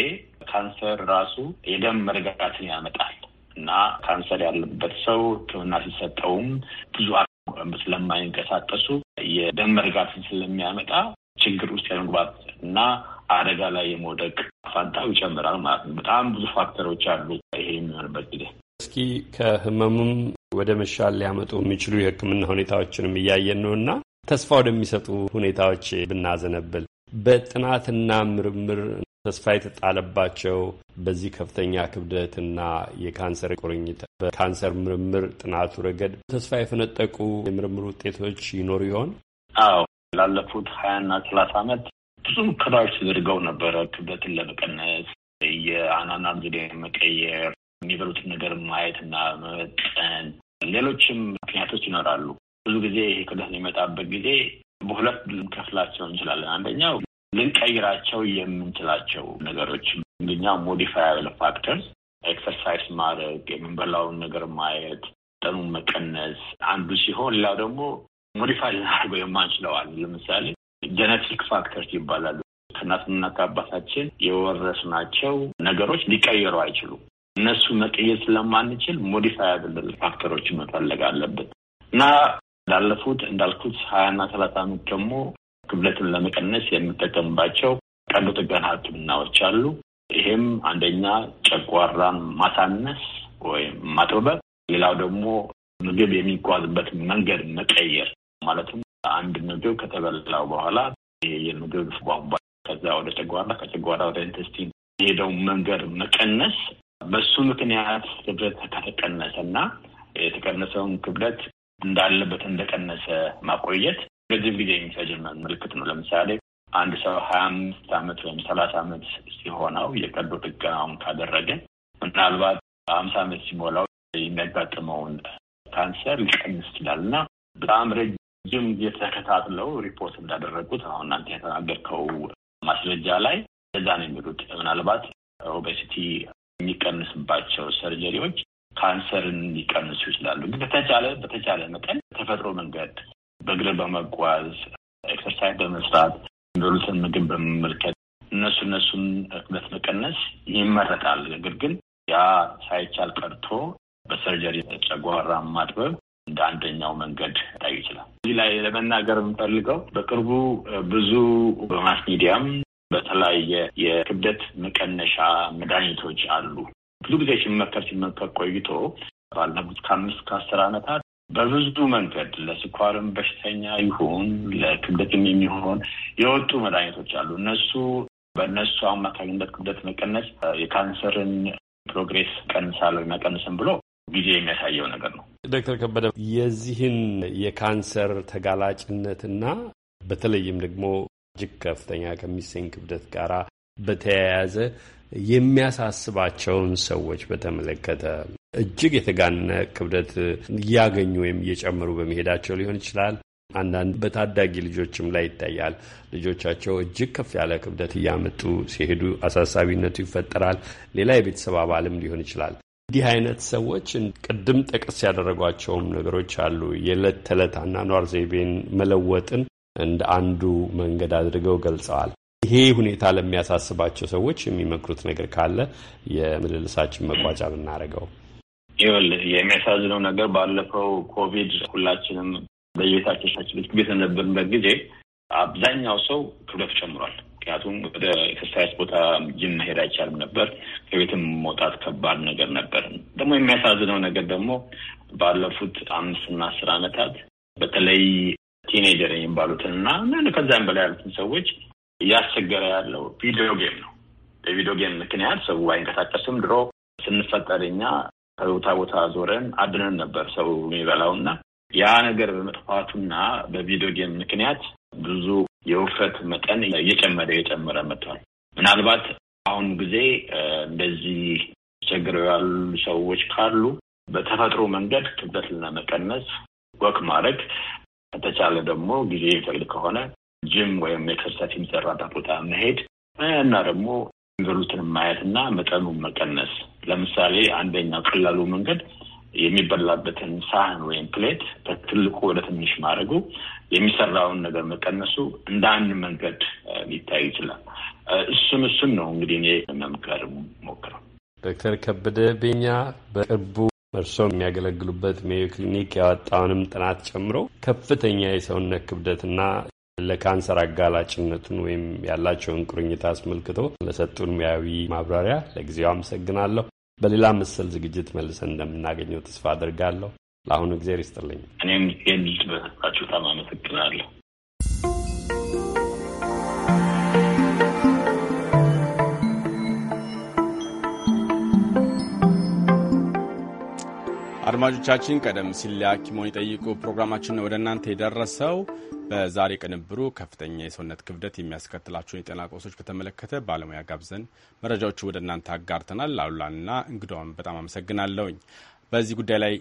ካንሰር ራሱ የደም መረጋጋትን ያመጣል። እና ካንሰር ያለበት ሰው ሕክምና ሲሰጠውም ብዙ ስለማይንቀሳቀሱ የደም መርጋትን ስለሚያመጣ ችግር ውስጥ የመግባት እና አደጋ ላይ የመውደቅ ፋንታው ይጨምራል ማለት ነው። በጣም ብዙ ፋክተሮች አሉ ይሄ የሚሆንበት ጊዜ። እስኪ ከህመሙም ወደ መሻል ሊያመጡ የሚችሉ የህክምና ሁኔታዎችንም እያየን ነው እና ተስፋ ወደሚሰጡ ሁኔታዎች ብናዘነብል በጥናትና ምርምር ተስፋ የተጣለባቸው በዚህ ከፍተኛ ክብደትና የካንሰር ቁርኝት በካንሰር ምርምር ጥናቱ ረገድ ተስፋ የፈነጠቁ የምርምር ውጤቶች ይኖሩ ይሆን? አዎ ላለፉት ሀያና ሰላሳ ዓመት ብዙ ሙከራዎች ተደርገው ነበረ። ክብደትን ለመቀነስ የአኗኗር ዘዴን መቀየር፣ የሚበሉትን ነገር ማየትና መጠን፣ ሌሎችም ምክንያቶች ይኖራሉ። ብዙ ጊዜ ይሄ ክብደት የሚመጣበት ጊዜ በሁለት ከፍላቸው እንችላለን። አንደኛው ልንቀይራቸው የምንችላቸው ነገሮች እንግኛ ሞዲፋያብል ፋክተርስ ኤክሰርሳይዝ ማድረግ፣ የምንበላውን ነገር ማየት፣ ጠኑን መቀነስ አንዱ ሲሆን ሌላው ደግሞ ሞዲፋይ ልናደርገው የማንችለዋል። ለምሳሌ ጀነቲክ ፋክተርስ ይባላሉ። ከእናትና ከአባታችን የወረስናቸው ነገሮች ሊቀየሩ አይችሉም። እነሱ መቀየር ስለማንችል ሞዲፋያብል ፋክተሮች መፈለግ አለበት እና እንዳለፉት እንዳልኩት ሀያና ሰላሳ ዓመት ደግሞ ክብደትን ለመቀነስ የምጠቀምባቸው ቀዶ ጥገና ሕክምናዎች አሉ። ይህም አንደኛ ጨጓራን ማሳነስ ወይም ማጥበብ፣ ሌላው ደግሞ ምግብ የሚጓዝበት መንገድ መቀየር ማለትም አንድ ምግብ ከተበላው በኋላ የምግብ ቧንቧ ከዛ ወደ ጨጓራ ከጨጓራ ወደ ኢንቴስቲን የሄደው መንገድ መቀነስ በሱ ምክንያት ክብደት ከተቀነሰ እና የተቀነሰውን ክብደት እንዳለበት እንደቀነሰ ማቆየት ረጅም ጊዜ የሚፈጅ ምልክት ነው። ለምሳሌ አንድ ሰው ሀያ አምስት አመት ወይም ሰላሳ አመት ሲሆነው የቀዶ ጥገናውን ካደረገ ምናልባት አምሳ አመት ሲሞላው የሚያጋጥመውን ካንሰር ሊቀንስ ይችላል እና በጣም ረጅም የተከታትለው ሪፖርት እንዳደረጉት አሁን እናንተ የተናገርከው ማስረጃ ላይ ለዛ ነው የሚሉት ምናልባት ኦቤሲቲ የሚቀንስባቸው ሰርጀሪዎች ካንሰርን ሊቀንሱ ይችላሉ። ግን በተቻለ በተቻለ መጠን ተፈጥሮ መንገድ በእግር በመጓዝ ኤክሰርሳይዝ በመስራት የሚበሉትን ምግብ በመመልከት እነሱ እነሱን ክብደት መቀነስ ይመረጣል። ነገር ግን ያ ሳይቻል ቀርቶ በሰርጀሪ ጨጓራ ማጥበብ እንደ አንደኛው መንገድ ታይ ይችላል። እዚህ ላይ ለመናገር የምፈልገው በቅርቡ ብዙ በማስ ሚዲያም በተለያየ የክብደት መቀነሻ መድኃኒቶች አሉ ብዙ ጊዜ ሲመከር ሲመከር ቆይቶ ባለፉት ከአምስት ከአስር ዓመታት በብዙ መንገድ ለስኳርም በሽተኛ ይሁን ለክብደትም የሚሆን የወጡ መድኃኒቶች አሉ። እነሱ በእነሱ አማካኝነት ክብደት መቀነስ የካንሰርን ፕሮግሬስ ቀንሳለሁ መቀንስም ብሎ ጊዜ የሚያሳየው ነገር ነው። ዶክተር ከበደ የዚህን የካንሰር ተጋላጭነትና በተለይም ደግሞ እጅግ ከፍተኛ ከሚሰኝ ክብደት ጋር በተያያዘ የሚያሳስባቸውን ሰዎች በተመለከተ እጅግ የተጋነ ክብደት እያገኙ ወይም እየጨመሩ በመሄዳቸው ሊሆን ይችላል። አንዳንድ በታዳጊ ልጆችም ላይ ይታያል። ልጆቻቸው እጅግ ከፍ ያለ ክብደት እያመጡ ሲሄዱ አሳሳቢነቱ ይፈጠራል። ሌላ የቤተሰብ አባልም ሊሆን ይችላል። እንዲህ አይነት ሰዎች ቅድም ጠቀስ ያደረጓቸውም ነገሮች አሉ። የዕለት ተዕለት አኗኗር ዘይቤን መለወጥን እንደ አንዱ መንገድ አድርገው ገልጸዋል። ይሄ ሁኔታ ለሚያሳስባቸው ሰዎች የሚመክሩት ነገር ካለ የምልልሳችን መቋጫ ብናደርገው ይል የሚያሳዝነው ነገር ባለፈው ኮቪድ ሁላችንም በየቤታችን ቤት በነበርንበት ጊዜ አብዛኛው ሰው ክብደት ጨምሯል። ምክንያቱም ወደ ኤክሰርሳይዝ ቦታ ጅም መሄድ አይቻልም ነበር። ከቤትም መውጣት ከባድ ነገር ነበር። ደግሞ የሚያሳዝነው ነገር ደግሞ ባለፉት አምስትና አስር ዓመታት በተለይ ቲኔጀር የሚባሉትን እና ከዚያም በላይ ያሉትን ሰዎች እያስቸገረ ያለው ቪዲዮ ጌም ነው። የቪዲዮ ጌም ምክንያት ሰው አይንቀሳቀስም። ድሮ ስንፈጠር እኛ ከቦታ ቦታ ዞረን አድነን ነበር ሰው የሚበላው እና ያ ነገር በመጥፋቱና በቪዲዮ ጌም ምክንያት ብዙ የውፍረት መጠን እየጨመረ እየጨመረ መጥቷል። ምናልባት አሁኑ ጊዜ እንደዚህ ተቸግረው ያሉ ሰዎች ካሉ በተፈጥሮ መንገድ ክብደት ለመቀነስ ወክ ማድረግ ከተቻለ ደግሞ ጊዜ ይፈቅድ ከሆነ ጅም ወይም የክርሰት የሚሰራበት ቦታ መሄድ እና ደግሞ የሚበሉትን ማየት እና መጠኑን መቀነስ ለምሳሌ አንደኛው ቀላሉ መንገድ የሚበላበትን ሳህን ወይም ፕሌት ከትልቁ ወደ ትንሽ ማድረጉ የሚሰራውን ነገር መቀነሱ እንደ አንድ መንገድ ሊታይ ይችላል። እሱን እሱን ነው እንግዲህ እኔ መምከር ሞክረው። ዶክተር ከበደ ቤኛ በቅርቡ እርስዎ የሚያገለግሉበት ሜዮ ክሊኒክ ያወጣውንም ጥናት ጨምሮ ከፍተኛ የሰውነት ክብደትና ለካንሰር አጋላጭነቱን ወይም ያላቸውን ቁርኝት አስመልክቶ ለሰጡን ሙያዊ ማብራሪያ ለጊዜው አመሰግናለሁ። በሌላ መሰል ዝግጅት መልሰን እንደምናገኘው ተስፋ አድርጋለሁ። ለአሁኑ ጊዜ ይስጥልኝ። እኔም ይህን ልጅ በሰጣችሁት አመሰግናለሁ። አድማጮቻችን ቀደም ሲል ሐኪሞን ይጠይቁ ፕሮግራማችን ወደ እናንተ የደረሰው በዛሬ ቅንብሩ ከፍተኛ የሰውነት ክብደት የሚያስከትላቸውን የጤና ቆሶች በተመለከተ ባለሙያ ጋብዘን መረጃዎቹ ወደ እናንተ አጋርተናል። አሉላንና እንግዳውን በጣም አመሰግናለሁኝ። በዚህ ጉዳይ ላይ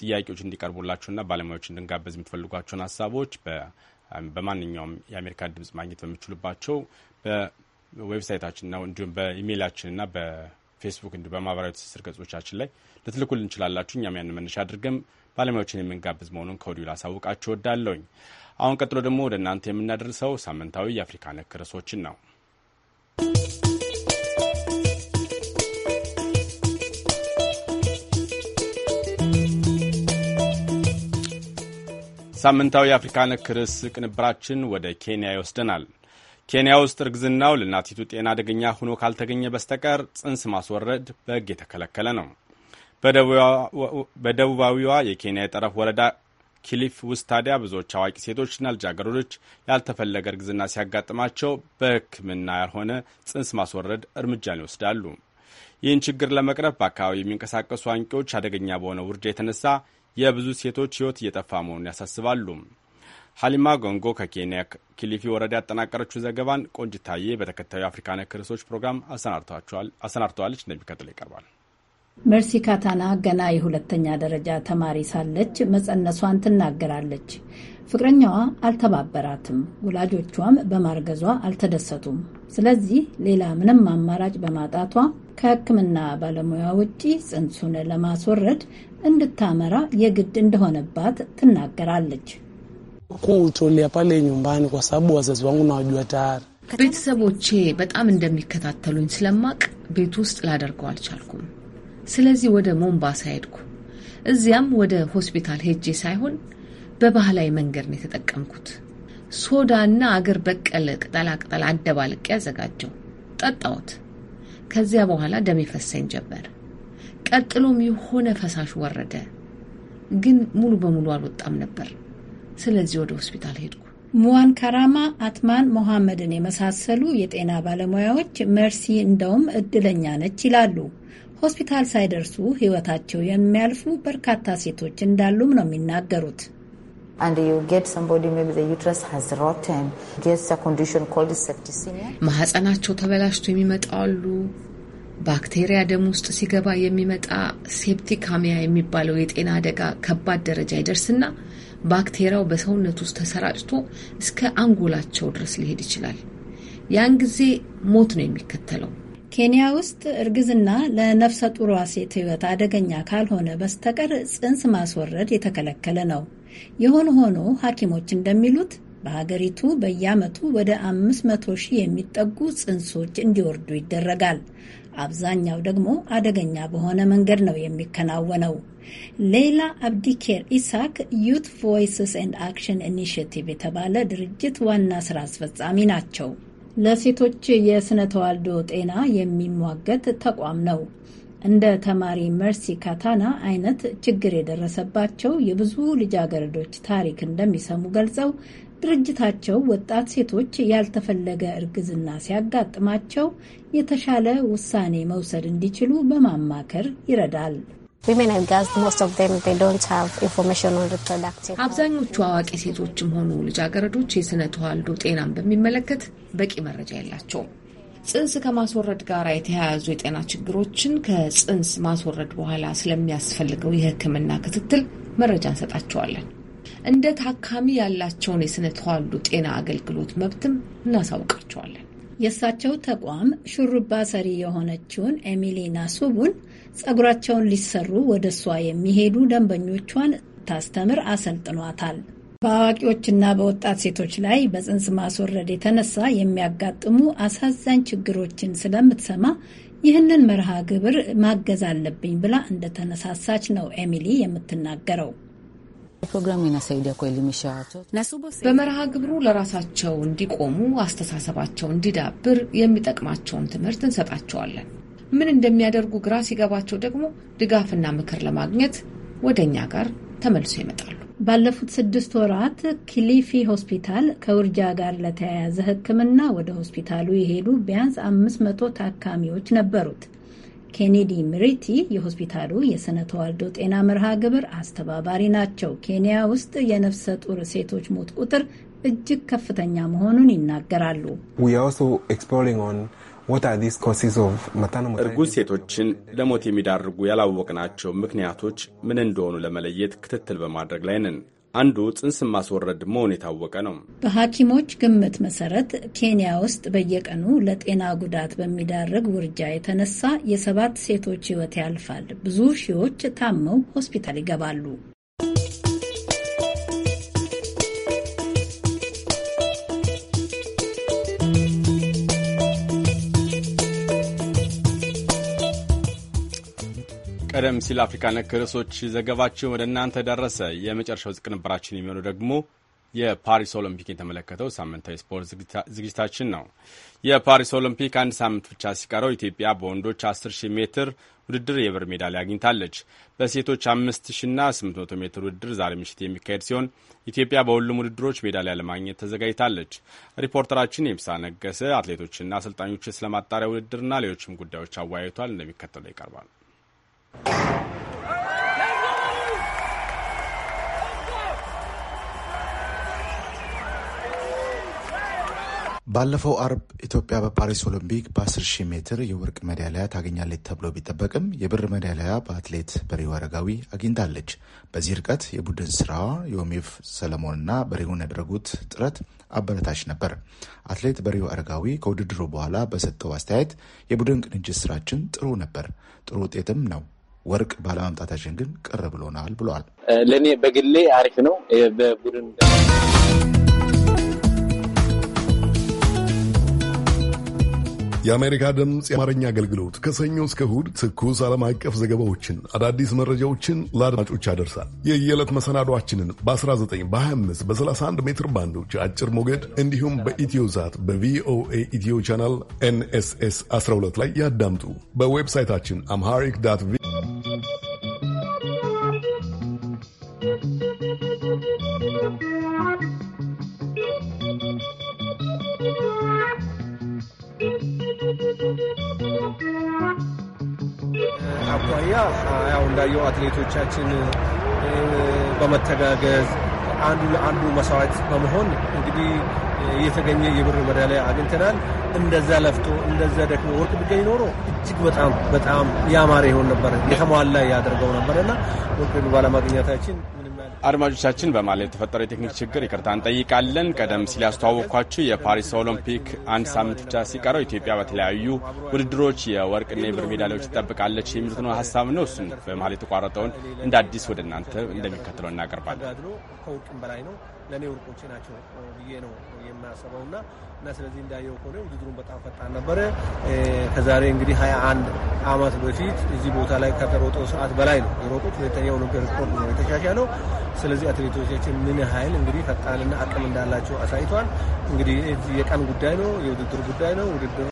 ጥያቄዎች እንዲቀርቡላችሁና ባለሙያዎች እንድንጋበዝ የምትፈልጓቸውን ሀሳቦች በማንኛውም የአሜሪካ ድምጽ ማግኘት በሚችሉባቸው ነው እንዲሁም በኢሜይላችንና ፌስቡክ እንዲሁ በማህበራዊ ትስስር ገጾቻችን ላይ ልትልኩል እንችላላችሁ። እኛም ያን መነሻ አድርገን ባለሙያዎችን የምንጋብዝ መሆኑን ከወዲሁ ላሳውቃችሁ ወዳለውኝ። አሁን ቀጥሎ ደግሞ ወደ እናንተ የምናደርሰው ሳምንታዊ የአፍሪካ ነክ ርዕሶችን ነው። ሳምንታዊ የአፍሪካ ነክ ርዕስ ቅንብራችን ወደ ኬንያ ይወስደናል። ኬንያ ውስጥ እርግዝናው ለእናቲቱ ጤና አደገኛ ሆኖ ካልተገኘ በስተቀር ጽንስ ማስወረድ በሕግ የተከለከለ ነው። በደቡባዊዋ የኬንያ የጠረፍ ወረዳ ኪሊፍ ውስጥ ታዲያ ብዙዎች አዋቂ ሴቶችና ልጃገረዶች ያልተፈለገ እርግዝና ሲያጋጥማቸው በሕክምና ያልሆነ ጽንስ ማስወረድ እርምጃን ይወስዳሉ። ይህን ችግር ለመቅረፍ በአካባቢው የሚንቀሳቀሱ አንቂዎች አደገኛ በሆነ ውርጃ የተነሳ የብዙ ሴቶች ሕይወት እየጠፋ መሆኑን ያሳስባሉ። ሀሊማ ጎንጎ ከኬንያ ኪሊፊ ወረዳ ያጠናቀረችው ዘገባን ቆንጅታዬ በተከታዩ የአፍሪካ ነክ ርዕሶች ፕሮግራም አሰናድተዋለች። እንደሚከተለው ይቀርባል። መርሲ ካታና ገና የሁለተኛ ደረጃ ተማሪ ሳለች መጸነሷን ትናገራለች። ፍቅረኛዋ አልተባበራትም፣ ወላጆቿም በማርገዟ አልተደሰቱም። ስለዚህ ሌላ ምንም አማራጭ በማጣቷ ከሕክምና ባለሙያ ውጪ ጽንሱን ለማስወረድ እንድታመራ የግድ እንደሆነባት ትናገራለች። kuutulia pale nyumbani, kwa sababu wazazi wangu nawajua tayari ቤተሰቦቼ በጣም እንደሚከታተሉኝ ስለማቅ ቤት ውስጥ ላደርገው አልቻልኩም። ስለዚህ ወደ ሞምባሳ ሄድኩ። እዚያም ወደ ሆስፒታል ሄጄ ሳይሆን በባህላዊ መንገድ ነው የተጠቀምኩት። ሶዳ እና አገር በቀል ቅጠላቅጠል አደባልቄ ያዘጋጀው ጠጣሁት። ከዚያ በኋላ ደም ፈሰኝ ጀመር። ቀጥሎም የሆነ ፈሳሽ ወረደ፣ ግን ሙሉ በሙሉ አልወጣም ነበር። ስለዚህ ወደ ሆስፒታል ሄድኩ። ሙዋን ካራማ አትማን ሞሐመድን የመሳሰሉ የጤና ባለሙያዎች መርሲ እንደውም እድለኛ ነች ይላሉ። ሆስፒታል ሳይደርሱ ህይወታቸው የሚያልፉ በርካታ ሴቶች እንዳሉም ነው የሚናገሩት። ማህፀናቸው ተበላሽቶ የሚመጣ አሉ። ባክቴሪያ ደም ውስጥ ሲገባ የሚመጣ ሴፕቲካሚያ የሚባለው የጤና አደጋ ከባድ ደረጃ ይደርስና ባክቴሪያው በሰውነት ውስጥ ተሰራጭቶ እስከ አንጎላቸው ድረስ ሊሄድ ይችላል። ያን ጊዜ ሞት ነው የሚከተለው። ኬንያ ውስጥ እርግዝና ለነፍሰ ጡሯ ሴት ሕይወት አደገኛ ካልሆነ በስተቀር ጽንስ ማስወረድ የተከለከለ ነው። የሆነ ሆኖ ሐኪሞች እንደሚሉት በሀገሪቱ በየዓመቱ ወደ አምስት መቶ ሺህ የሚጠጉ ጽንሶች እንዲወርዱ ይደረጋል። አብዛኛው ደግሞ አደገኛ በሆነ መንገድ ነው የሚከናወነው። ሌላ አብዲኬር ኢሳክ ዩት ቮይስስ ኤንድ አክሽን ኢኒሽቲቭ የተባለ ድርጅት ዋና ስራ አስፈጻሚ ናቸው። ለሴቶች የስነ ተዋልዶ ጤና የሚሟገት ተቋም ነው። እንደ ተማሪ መርሲ ካታና አይነት ችግር የደረሰባቸው የብዙ ልጃገረዶች ታሪክ እንደሚሰሙ ገልጸው ድርጅታቸው ወጣት ሴቶች ያልተፈለገ እርግዝና ሲያጋጥማቸው የተሻለ ውሳኔ መውሰድ እንዲችሉ በማማከር ይረዳል። አብዛኞቹ አዋቂ ሴቶችም ሆኑ ልጃገረዶች የስነ ተዋልዶ ጤናን በሚመለከት በቂ መረጃ የላቸውም። ጽንስ ከማስወረድ ጋር የተያያዙ የጤና ችግሮችን ከጽንስ ማስወረድ በኋላ ስለሚያስፈልገው የሕክምና ክትትል መረጃ እንሰጣቸዋለን። እንደ ታካሚ ያላቸውን የስነ ተዋልዶ ጤና አገልግሎት መብትም እናሳውቃቸዋለን። የእሳቸው ተቋም ሹሩባ ሰሪ የሆነችውን ኤሚሊ ናሱቡን ጸጉራቸውን ሊሰሩ ወደ እሷ የሚሄዱ ደንበኞቿን ታስተምር አሰልጥኗታል። በአዋቂዎችና በወጣት ሴቶች ላይ በጽንስ ማስወረድ የተነሳ የሚያጋጥሙ አሳዛኝ ችግሮችን ስለምትሰማ ይህንን መርሃ ግብር ማገዝ አለብኝ ብላ እንደተነሳሳች ነው ኤሚሊ የምትናገረው። በመርሃ ግብሩ ለራሳቸው እንዲቆሙ፣ አስተሳሰባቸው እንዲዳብር የሚጠቅማቸውን ትምህርት እንሰጣቸዋለን። ምን እንደሚያደርጉ ግራ ሲገባቸው ደግሞ ድጋፍና ምክር ለማግኘት ወደ እኛ ጋር ተመልሶ ይመጣሉ። ባለፉት ስድስት ወራት ኪሊፊ ሆስፒታል ከውርጃ ጋር ለተያያዘ ሕክምና ወደ ሆስፒታሉ የሄዱ ቢያንስ አምስት መቶ ታካሚዎች ነበሩት። ኬኔዲ ምሪቲ የሆስፒታሉ የስነ ተዋልዶ ጤና መርሃ ግብር አስተባባሪ ናቸው። ኬንያ ውስጥ የነፍሰ ጡር ሴቶች ሞት ቁጥር እጅግ ከፍተኛ መሆኑን ይናገራሉ። እርጉዝ ሴቶችን ለሞት የሚዳርጉ ያላወቅናቸው ምክንያቶች ምን እንደሆኑ ለመለየት ክትትል በማድረግ ላይ ነን። አንዱ ጽንስ ማስወረድ መሆን የታወቀ ነው። በሐኪሞች ግምት መሰረት ኬንያ ውስጥ በየቀኑ ለጤና ጉዳት በሚዳርግ ውርጃ የተነሳ የሰባት ሴቶች ሕይወት ያልፋል። ብዙ ሺዎች ታመው ሆስፒታል ይገባሉ። ቀደም ሲል አፍሪካ ነክ ርዕሶች ዘገባችን ወደ እናንተ ደረሰ። የመጨረሻው ቅንብራችን የሚሆኑ ደግሞ የፓሪስ ኦሎምፒክ የተመለከተው ሳምንታዊ ስፖርት ዝግጅታችን ነው። የፓሪስ ኦሎምፒክ አንድ ሳምንት ብቻ ሲቀረው ኢትዮጵያ በወንዶች 10,000 ሜትር ውድድር የብር ሜዳሊያ አግኝታለች። በሴቶች 5000ና 800 ሜትር ውድድር ዛሬ ምሽት የሚካሄድ ሲሆን ኢትዮጵያ በሁሉም ውድድሮች ሜዳሊያ ለማግኘት ተዘጋጅታለች። ሪፖርተራችን የምሳ ነገሰ አትሌቶችና አሰልጣኞች ስለማጣሪያ ውድድርና ሌሎችም ጉዳዮች አወያይቷል። እንደሚከተለው ይቀርባል። ባለፈው አርብ ኢትዮጵያ በፓሪስ ኦሎምፒክ በ10 ሺህ ሜትር የወርቅ ሜዳሊያ ታገኛለች ተብሎ ቢጠበቅም የብር ሜዳሊያ በአትሌት በሪሁ አረጋዊ አግኝታለች። በዚህ ርቀት የቡድን ስራዋ ዮሚፍ ሰለሞንና በሪሁን ያደረጉት ጥረት አበረታች ነበር። አትሌት በሪሁ አረጋዊ ከውድድሩ በኋላ በሰጠው አስተያየት የቡድን ቅንጅት ስራችን ጥሩ ነበር፣ ጥሩ ውጤትም ነው ወርቅ ባለማምጣታችን ግን ቅር ብሎናል ብለዋል። ለእኔ በግሌ አሪፍ ነው በቡድን የአሜሪካ ድምፅ የአማርኛ አገልግሎት ከሰኞ እስከ እሁድ ትኩስ ዓለም አቀፍ ዘገባዎችን፣ አዳዲስ መረጃዎችን ለአድማጮች ያደርሳል። የየዕለት መሰናዷችንን በ19 በ25 በ31 ሜትር ባንዶች አጭር ሞገድ እንዲሁም በኢትዮ ዛት በቪኦኤ ኢትዮ ቻናል ኤንኤስኤስ 12 ላይ ያዳምጡ። በዌብሳይታችን አምሃሪክ ዳት ቪ አንደኛ ያው እንዳየው አትሌቶቻችን በመተጋገዝ አንዱ ለአንዱ መስዋዕት በመሆን እንግዲህ የተገኘ የብር ሜዳሊያ አግኝተናል። እንደዛ ለፍቶ እንደዛ ደክሞ ወርቅ ቢገኝ ኖሮ እጅግ በጣም በጣም ያማረ ይሆን ነበር፣ የተሟላ ያደርገው ነበርና ወርቅ ባለማግኘታችን አድማጮቻችን በማለት የተፈጠረ የቴክኒክ ችግር ይቅርታ እንጠይቃለን። ቀደም ሲል ያስተዋወቅኳችሁ የፓሪስ ኦሎምፒክ አንድ ሳምንት ብቻ ሲቀረው ኢትዮጵያ በተለያዩ ውድድሮች የወርቅና የብር ሜዳሊያዎች ትጠብቃለች የሚሉት ነው ሀሳብ ነው። እሱን በማለት የተቋረጠውን እንደ አዲስ ወደ እናንተ እንደሚከተለው እናቀርባለን። ለእኔ ወርቆቼ ናቸው ብዬ ነው የማያስበው እና ስለዚህ እንዳየው ከሆነ ውድድሩን በጣም ፈጣን ነበረ። ከዛሬ እንግዲህ ሀያ አንድ አመት በፊት እዚህ ቦታ ላይ ከተሮጠው ሰዓት በላይ ነው የሮጡት። ሁለተኛ ኦሎምፒክ ሪኮርድ ነው የተሻሻለው። ስለዚህ አትሌቶቻችን ምን ሀይል እንግዲህ ፈጣንና አቅም እንዳላቸው አሳይቷል። እንግዲህ የቀን ጉዳይ ነው፣ የውድድር ጉዳይ ነው። ውድድሩ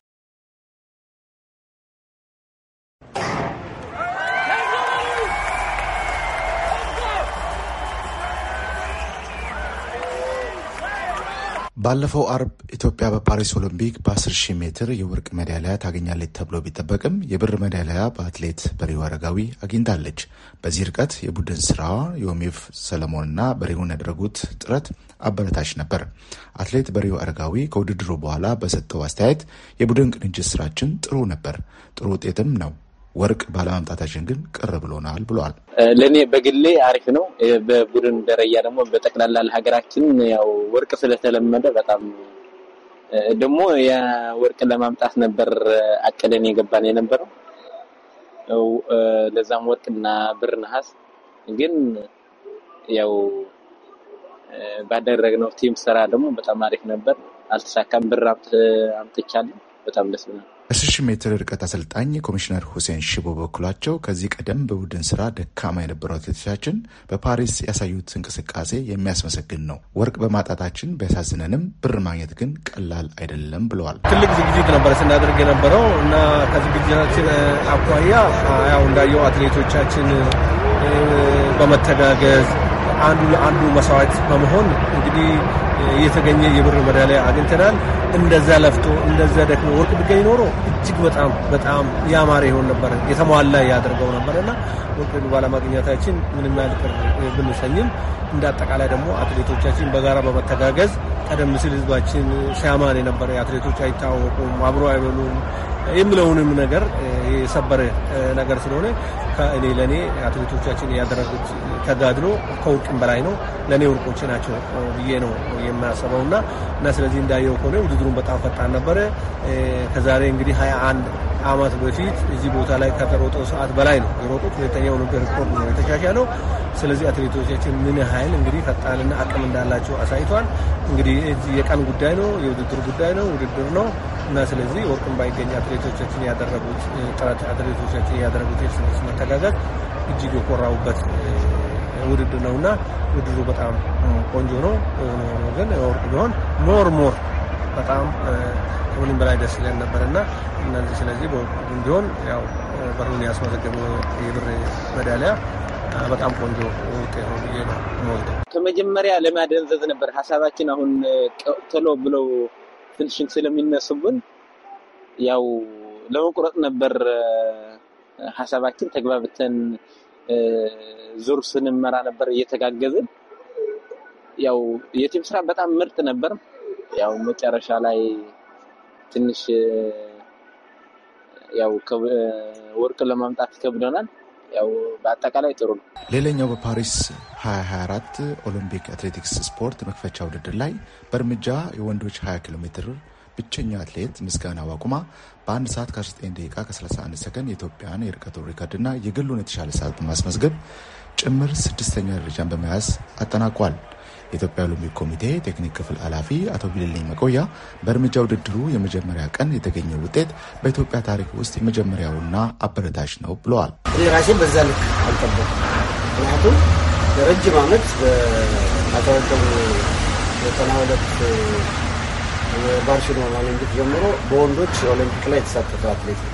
ባለፈው አርብ ኢትዮጵያ በፓሪስ ኦሎምፒክ በ10 ሺህ ሜትር የወርቅ ሜዳሊያ ታገኛለች ተብሎ ቢጠበቅም የብር ሜዳሊያ በአትሌት በሪሁ አረጋዊ አግኝታለች። በዚህ ርቀት የቡድን ስራዋ ዮሚፍ ሰለሞንና በሪሁን ያደረጉት ጥረት አበረታች ነበር። አትሌት በሪሁ አረጋዊ ከውድድሩ በኋላ በሰጠው አስተያየት የቡድን ቅንጅት ስራችን ጥሩ ነበር፣ ጥሩ ውጤትም ነው ወርቅ ባለማምጣታችን ግን ቅር ብሎናል ብለዋል። ለእኔ በግሌ አሪፍ ነው። በቡድን ደረጃ ደግሞ በጠቅላላ ለሀገራችን ያው ወርቅ ስለተለመደ በጣም ደግሞ የወርቅ ለማምጣት ነበር አቅደን የገባን የነበረው ለዛም ወርቅና ብር ነሐስ ግን ያው ባደረግነው ቲም ስራ ደግሞ በጣም አሪፍ ነበር። አልተሳካም። ብር አምጥቻለሁ። በጣም ደስ ብሎናል። አስር ሺህ ሜትር ርቀት አሰልጣኝ ኮሚሽነር ሁሴን ሽቦ በበኩላቸው ከዚህ ቀደም በቡድን ስራ ደካማ የነበረው አትሌቶቻችን በፓሪስ ያሳዩት እንቅስቃሴ የሚያስመሰግን ነው። ወርቅ በማጣታችን ቢያሳዝነንም ብር ማግኘት ግን ቀላል አይደለም ብለዋል። ትልቅ ዝግጅት ነበረ ስናደርግ የነበረው እና ከዝግጅታችን አኳያ ያው እንዳየው አትሌቶቻችን በመተጋገዝ አንዱ ለአንዱ መስዋዕት በመሆን እንግዲህ የተገኘ የብር ሜዳሊያ አግኝተናል። እንደዛ ለፍቶ እንደዛ ደክሞ ወርቅ ቢገኝ ኖሮ እጅግ በጣም በጣም ያማረ ይሆን ነበር፣ የተሟላ ያደርገው ነበር እና ወርቅ ባለማግኘታችን ምንም ያህል ቅር ብንሰኝም እንደ አጠቃላይ ደግሞ አትሌቶቻችን በጋራ በመተጋገዝ ቀደም ሲል ህዝባችን ሲያማን የነበረ አትሌቶች አይታወቁም፣ አብሮ አይበሉም የምለውንም ነገር የሰበረ ነገር ስለሆነ ከእኔ ለእኔ አትሌቶቻችን ያደረጉት ተጋድሎ ከወርቅም በላይ ነው። ለእኔ ወርቆች ናቸው ብዬ ነው የማያሰበው እና እና ስለዚህ እንዳየው ከሆነ ውድድሩን በጣም ፈጣን ነበረ። ከዛሬ እንግዲህ ሀያ አንድ አመት በፊት እዚህ ቦታ ላይ ከተሮጠው ሰዓት በላይ ነው የሮጡት። ሁለተኛው ኦሎምፒክ ሪኮርድ ነው የተሻሻለው። ስለዚህ አትሌቶቻችን ምን ያህል እንግዲህ ፈጣንና አቅም እንዳላቸው አሳይቷል። እንግዲህ የቀን ጉዳይ ነው፣ የውድድር ጉዳይ ነው፣ ውድድር ነው እና ስለዚህ ወርቅም ባይገኝ አትሌቶቻችን ያደረጉት ጥረት፣ አትሌቶቻችን ያደረጉት የእርስ በርስ መተጋገዝ እጅግ የኮራቡበት ውድድር ነው እና ውድድሩ በጣም ቆንጆ ነው። ሆኖ ሆኖ ግን ወርቅ ቢሆን ሞር ሞር በጣም ከምንም በላይ ደስ ይለን ነበር እና እነዚህ ስለዚህ ቢሆን ያው በሩን ያስመዘገበ የብር መዳሊያ በጣም ቆንጆ ውጤት ነው ብዬ ነው የምወስደው። ከመጀመሪያ ለማደንዘዝ ነበር ሀሳባችን። አሁን ቶሎ ብለው ትንሽን ስለሚነሱብን ያው ለመቁረጥ ነበር ሀሳባችን። ተግባብተን ዙር ስንመራ ነበር እየተጋገዝን። ያው የቲም ስራ በጣም ምርጥ ነበር። ያው መጨረሻ ላይ ትንሽ ያው ወርቅ ለማምጣት ከብደናል። ያው በአጠቃላይ ጥሩ ነው። ሌላኛው በፓሪስ 2024 ኦሎምፒክ አትሌቲክስ ስፖርት መክፈቻ ውድድር ላይ በእርምጃ የወንዶች 20 ኪሎ ሜትር ብቸኛ አትሌት ምስጋና ዋቁማ በአንድ ሰዓት ከ19 ደቂቃ ከ31 ሰከንድ የኢትዮጵያን የርቀቱ ሪከርድና የግሉን የተሻለ ሰዓት በማስመዝገብ ጭምር ስድስተኛ ደረጃን በመያዝ አጠናቋል። የኢትዮጵያ ኦሎምፒክ ኮሚቴ ቴክኒክ ክፍል ኃላፊ አቶ ቢልልኝ መቆያ በእርምጃ ውድድሩ የመጀመሪያ ቀን የተገኘው ውጤት በኢትዮጵያ ታሪክ ውስጥ የመጀመሪያውና አበረታች ነው ብለዋል። እኔ ራሴን በዛ ልክ አልጠበቅም። ምክንያቱም ለረጅም ዓመት በአታወቀቡ ዘጠና ሁለት ባርሴሎና ኦሎምፒክ ጀምሮ በወንዶች ኦሎምፒክ ላይ የተሳተፈው አትሌት ነው።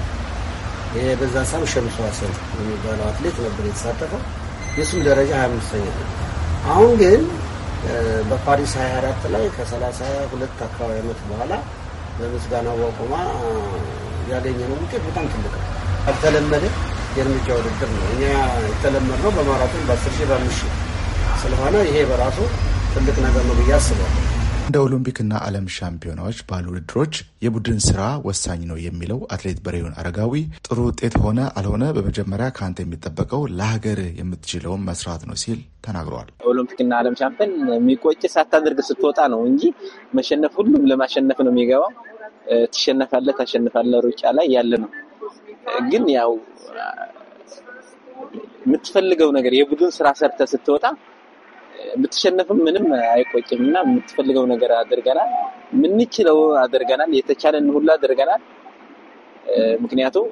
ይሄ በዛ ሳም ሸምሶ ሀሰን የሚባለው አትሌት ነበር የተሳተፈው። የሱም ደረጃ ሀያ አምስተኛ ነው። አሁን ግን በፓሪስ 24 ላይ ከ32 አካባቢ ዓመት በኋላ በምስጋና ቆማ ያገኘነው ውጤት በጣም ትልቅ ነው። አልተለመደ የእርምጃ ውድድር ነው። እኛ የተለመድነው በማራቶን በ10 ሺህ በአምስት ሺህ ስለሆነ ይሄ በራሱ ትልቅ ነገር ነው ብዬ አስባለሁ። እንደ ኦሎምፒክና ዓለም ሻምፒዮናዎች ባሉ ውድድሮች የቡድን ስራ ወሳኝ ነው የሚለው አትሌት በሬውን አረጋዊ ጥሩ ውጤት ሆነ አልሆነ በመጀመሪያ ከአንተ የሚጠበቀው ለሀገር የምትችለውን መስራት ነው ሲል ተናግረዋል። ኦሎምፒክና ዓለም ሻምፒዮን የሚቆጭ ሳታደርግ ስትወጣ ነው እንጂ መሸነፍ ሁሉም ለማሸነፍ ነው የሚገባው። ትሸነፋለህ፣ ታሸንፋለህ ሩጫ ላይ ያለ ነው። ግን ያው የምትፈልገው ነገር የቡድን ስራ ሰርተ ስትወጣ ብትሸነፍም ምንም አይቆጭም እና የምትፈልገው ነገር አድርገናል። የምንችለው አድርገናል። የተቻለን ሁሉ አድርገናል። ምክንያቱም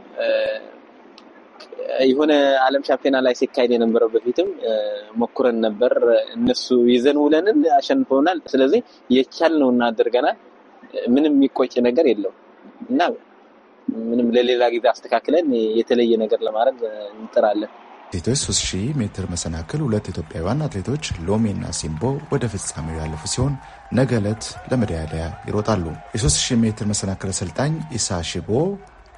የሆነ ዓለም ሻምፒዮና ላይ ሲካሄድ የነበረው በፊትም ሞክረን ነበር። እነሱ ይዘን ውለንን አሸንፈውናል። ስለዚህ የቻልነውን አድርገናል። ምንም የሚቆጭ ነገር የለው እና ምንም ለሌላ ጊዜ አስተካክለን የተለየ ነገር ለማድረግ እንጥራለን። ሴቶች 3000 ሜትር መሰናክል ሁለት ኢትዮጵያውያን አትሌቶች ሎሜና ሲምቦ ወደ ፍጻሜው ያለፉ ሲሆን ነገ ዕለት ለመዳያዳያ ይሮጣሉ። የ3000 ሜትር መሰናክል አሰልጣኝ ኢሳ ሽቦ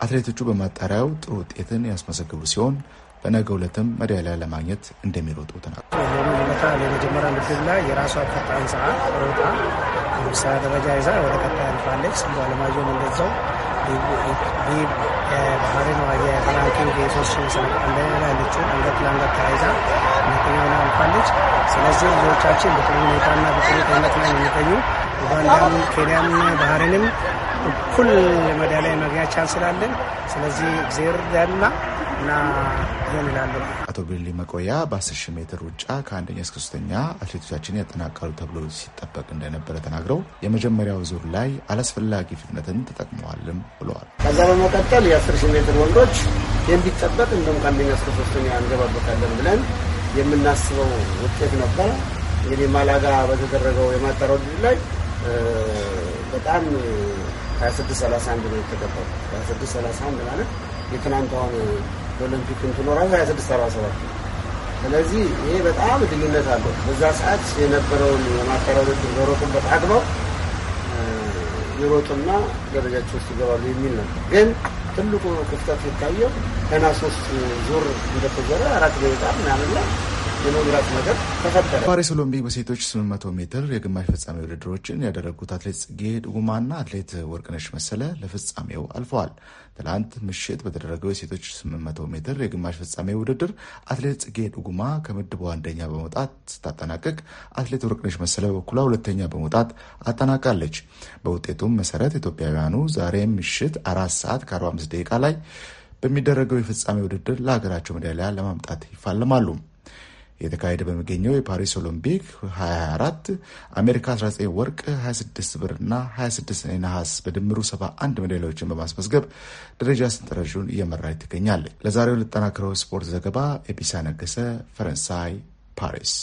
አትሌቶቹ በማጣሪያው ጥሩ ውጤትን ያስመዘግቡ ሲሆን በነገ ዕለትም መዳያዳያ ለማግኘት እንደሚሮጡ ተናግረዋል። የመጀመሪያ ምድብ ላይ የራሷ ፈጣን ሰዓት ሮጣ አምሳ ደረጃ ይዛ ወደ ቀጣይ አልፋለች። ሲምቦ አለማየሁም እንደዛው ባህሪ ነው ቤቶች ጌቶች አንደኛለችን አንገት ለአንገት ተያይዛ ሁለተኛውን አልፋለች። ስለዚህ ልጆቻችን በጥሩ ሁኔታና በጥሩ ጤንነት ላይ የሚገኙ ኡጋንዳም፣ ኬንያም ባህርንም እኩል ሜዳሊያ ማግኘት ቻንስ ስላለን ስለዚህ እግዜር ዳና እና ዘልላለሁ። አቶ ቢልሊ መቆያ በ10 ሺህ ሜትር ሩጫ ከአንደኛ እስከ ሶስተኛ አትሌቶቻችን ያጠናቀሉ ተብሎ ሲጠበቅ እንደነበረ ተናግረው የመጀመሪያው ዙር ላይ አላስፈላጊ ፍጥነትን ተጠቅመዋልም ብለዋል። ከዛ በመቀጠል የ10 ሺህ ሜትር ወንዶች የሚጠበቅ እንደውም ከአንደኛ እስከ ሶስተኛ እንገባበታለን ብለን የምናስበው ውጤት ነበረ። እንግዲህ ማላጋ በተደረገው የማጣሪያ ውድድር ላይ በጣም 2631 ነው የተገባው። 2631 ማለት የትናንቷን በኦሎምፒክ እንትኑ ራሱ 26 47 ስለዚህ ይሄ በጣም ልዩነት አለው። በዛ ሰዓት የነበረውን የማጣሪያ ውድድር በሮጡበት ይሮጡና ደረጃቸው ውስጥ ይገባሉ የሚል ነው። ግን ትልቁ ክፍተት የታየው ገና ሶስት ዙር እንደተዘረ አራት ደቂቃ ምናምን የመምራት ነገር ተፈጠረ። ፓሪስ ኦሎምፒክ በሴቶች 800 ሜትር የግማሽ ፍጻሜ ውድድሮችን ያደረጉት አትሌት ጽጌ ድጉማና አትሌት ወርቅነሽ መሰለ ለፍጻሜው አልፈዋል። ትናንት ምሽት በተደረገው የሴቶች 800 ሜትር የግማሽ ፍጻሜ ውድድር አትሌት ጽጌ ድጉማ ከምድቡ አንደኛ በመውጣት ስታጠናቅቅ አትሌት ወርቅነሽ መሰለ በኩሏ ሁለተኛ በመውጣት አጠናቃለች። በውጤቱም መሰረት ኢትዮጵያውያኑ ዛሬ ምሽት አራት ሰዓት ከ45 ደቂቃ ላይ በሚደረገው የፍጻሜ ውድድር ለሀገራቸው ሜዳሊያ ለማምጣት ይፋለማሉ። እየተካሄደ በሚገኘው የፓሪስ ኦሎምፒክ 24 አሜሪካ 19 ወርቅ፣ 26 ብርና 26 ነሐስ በድምሩ 71 ሜዳሊያዎችን በማስመዝገብ ደረጃ ሰንጠረዡን እየመራች ትገኛለች። ለዛሬው ልጠናክረው ስፖርት ዘገባ ኤፒሳ ነገሰ፣ ፈረንሳይ ፓሪስ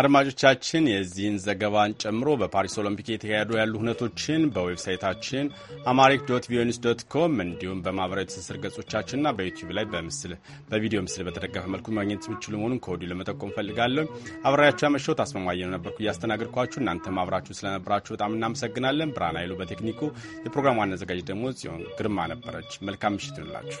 አድማጮቻችን የዚህን ዘገባን ጨምሮ በፓሪስ ኦሎምፒክ የተካሄዱ ያሉ ሁነቶችን በዌብሳይታችን አማሪክ ዶት ቪኦኤ ዶት ኮም እንዲሁም በማህበራዊ ትስስር ገጾቻችንና በዩቲዩብ ላይ በምስል በቪዲዮ ምስል በተደገፈ መልኩ ማግኘት የምችሉ መሆኑን ከወዲሁ ለመጠቆም ፈልጋለሁ። አብራሪያችሁ ያመሸሁት አስመማየ ነው ነበርኩ እያስተናገድኳችሁ። እናንተም አብራችሁ ስለነበራችሁ በጣም እናመሰግናለን። ብርሃን ኃይሉ በቴክኒኩ፣ የፕሮግራሙ ዋና አዘጋጅ ደግሞ ጽዮን ግርማ ነበረች። መልካም ምሽት ይሁንላችሁ።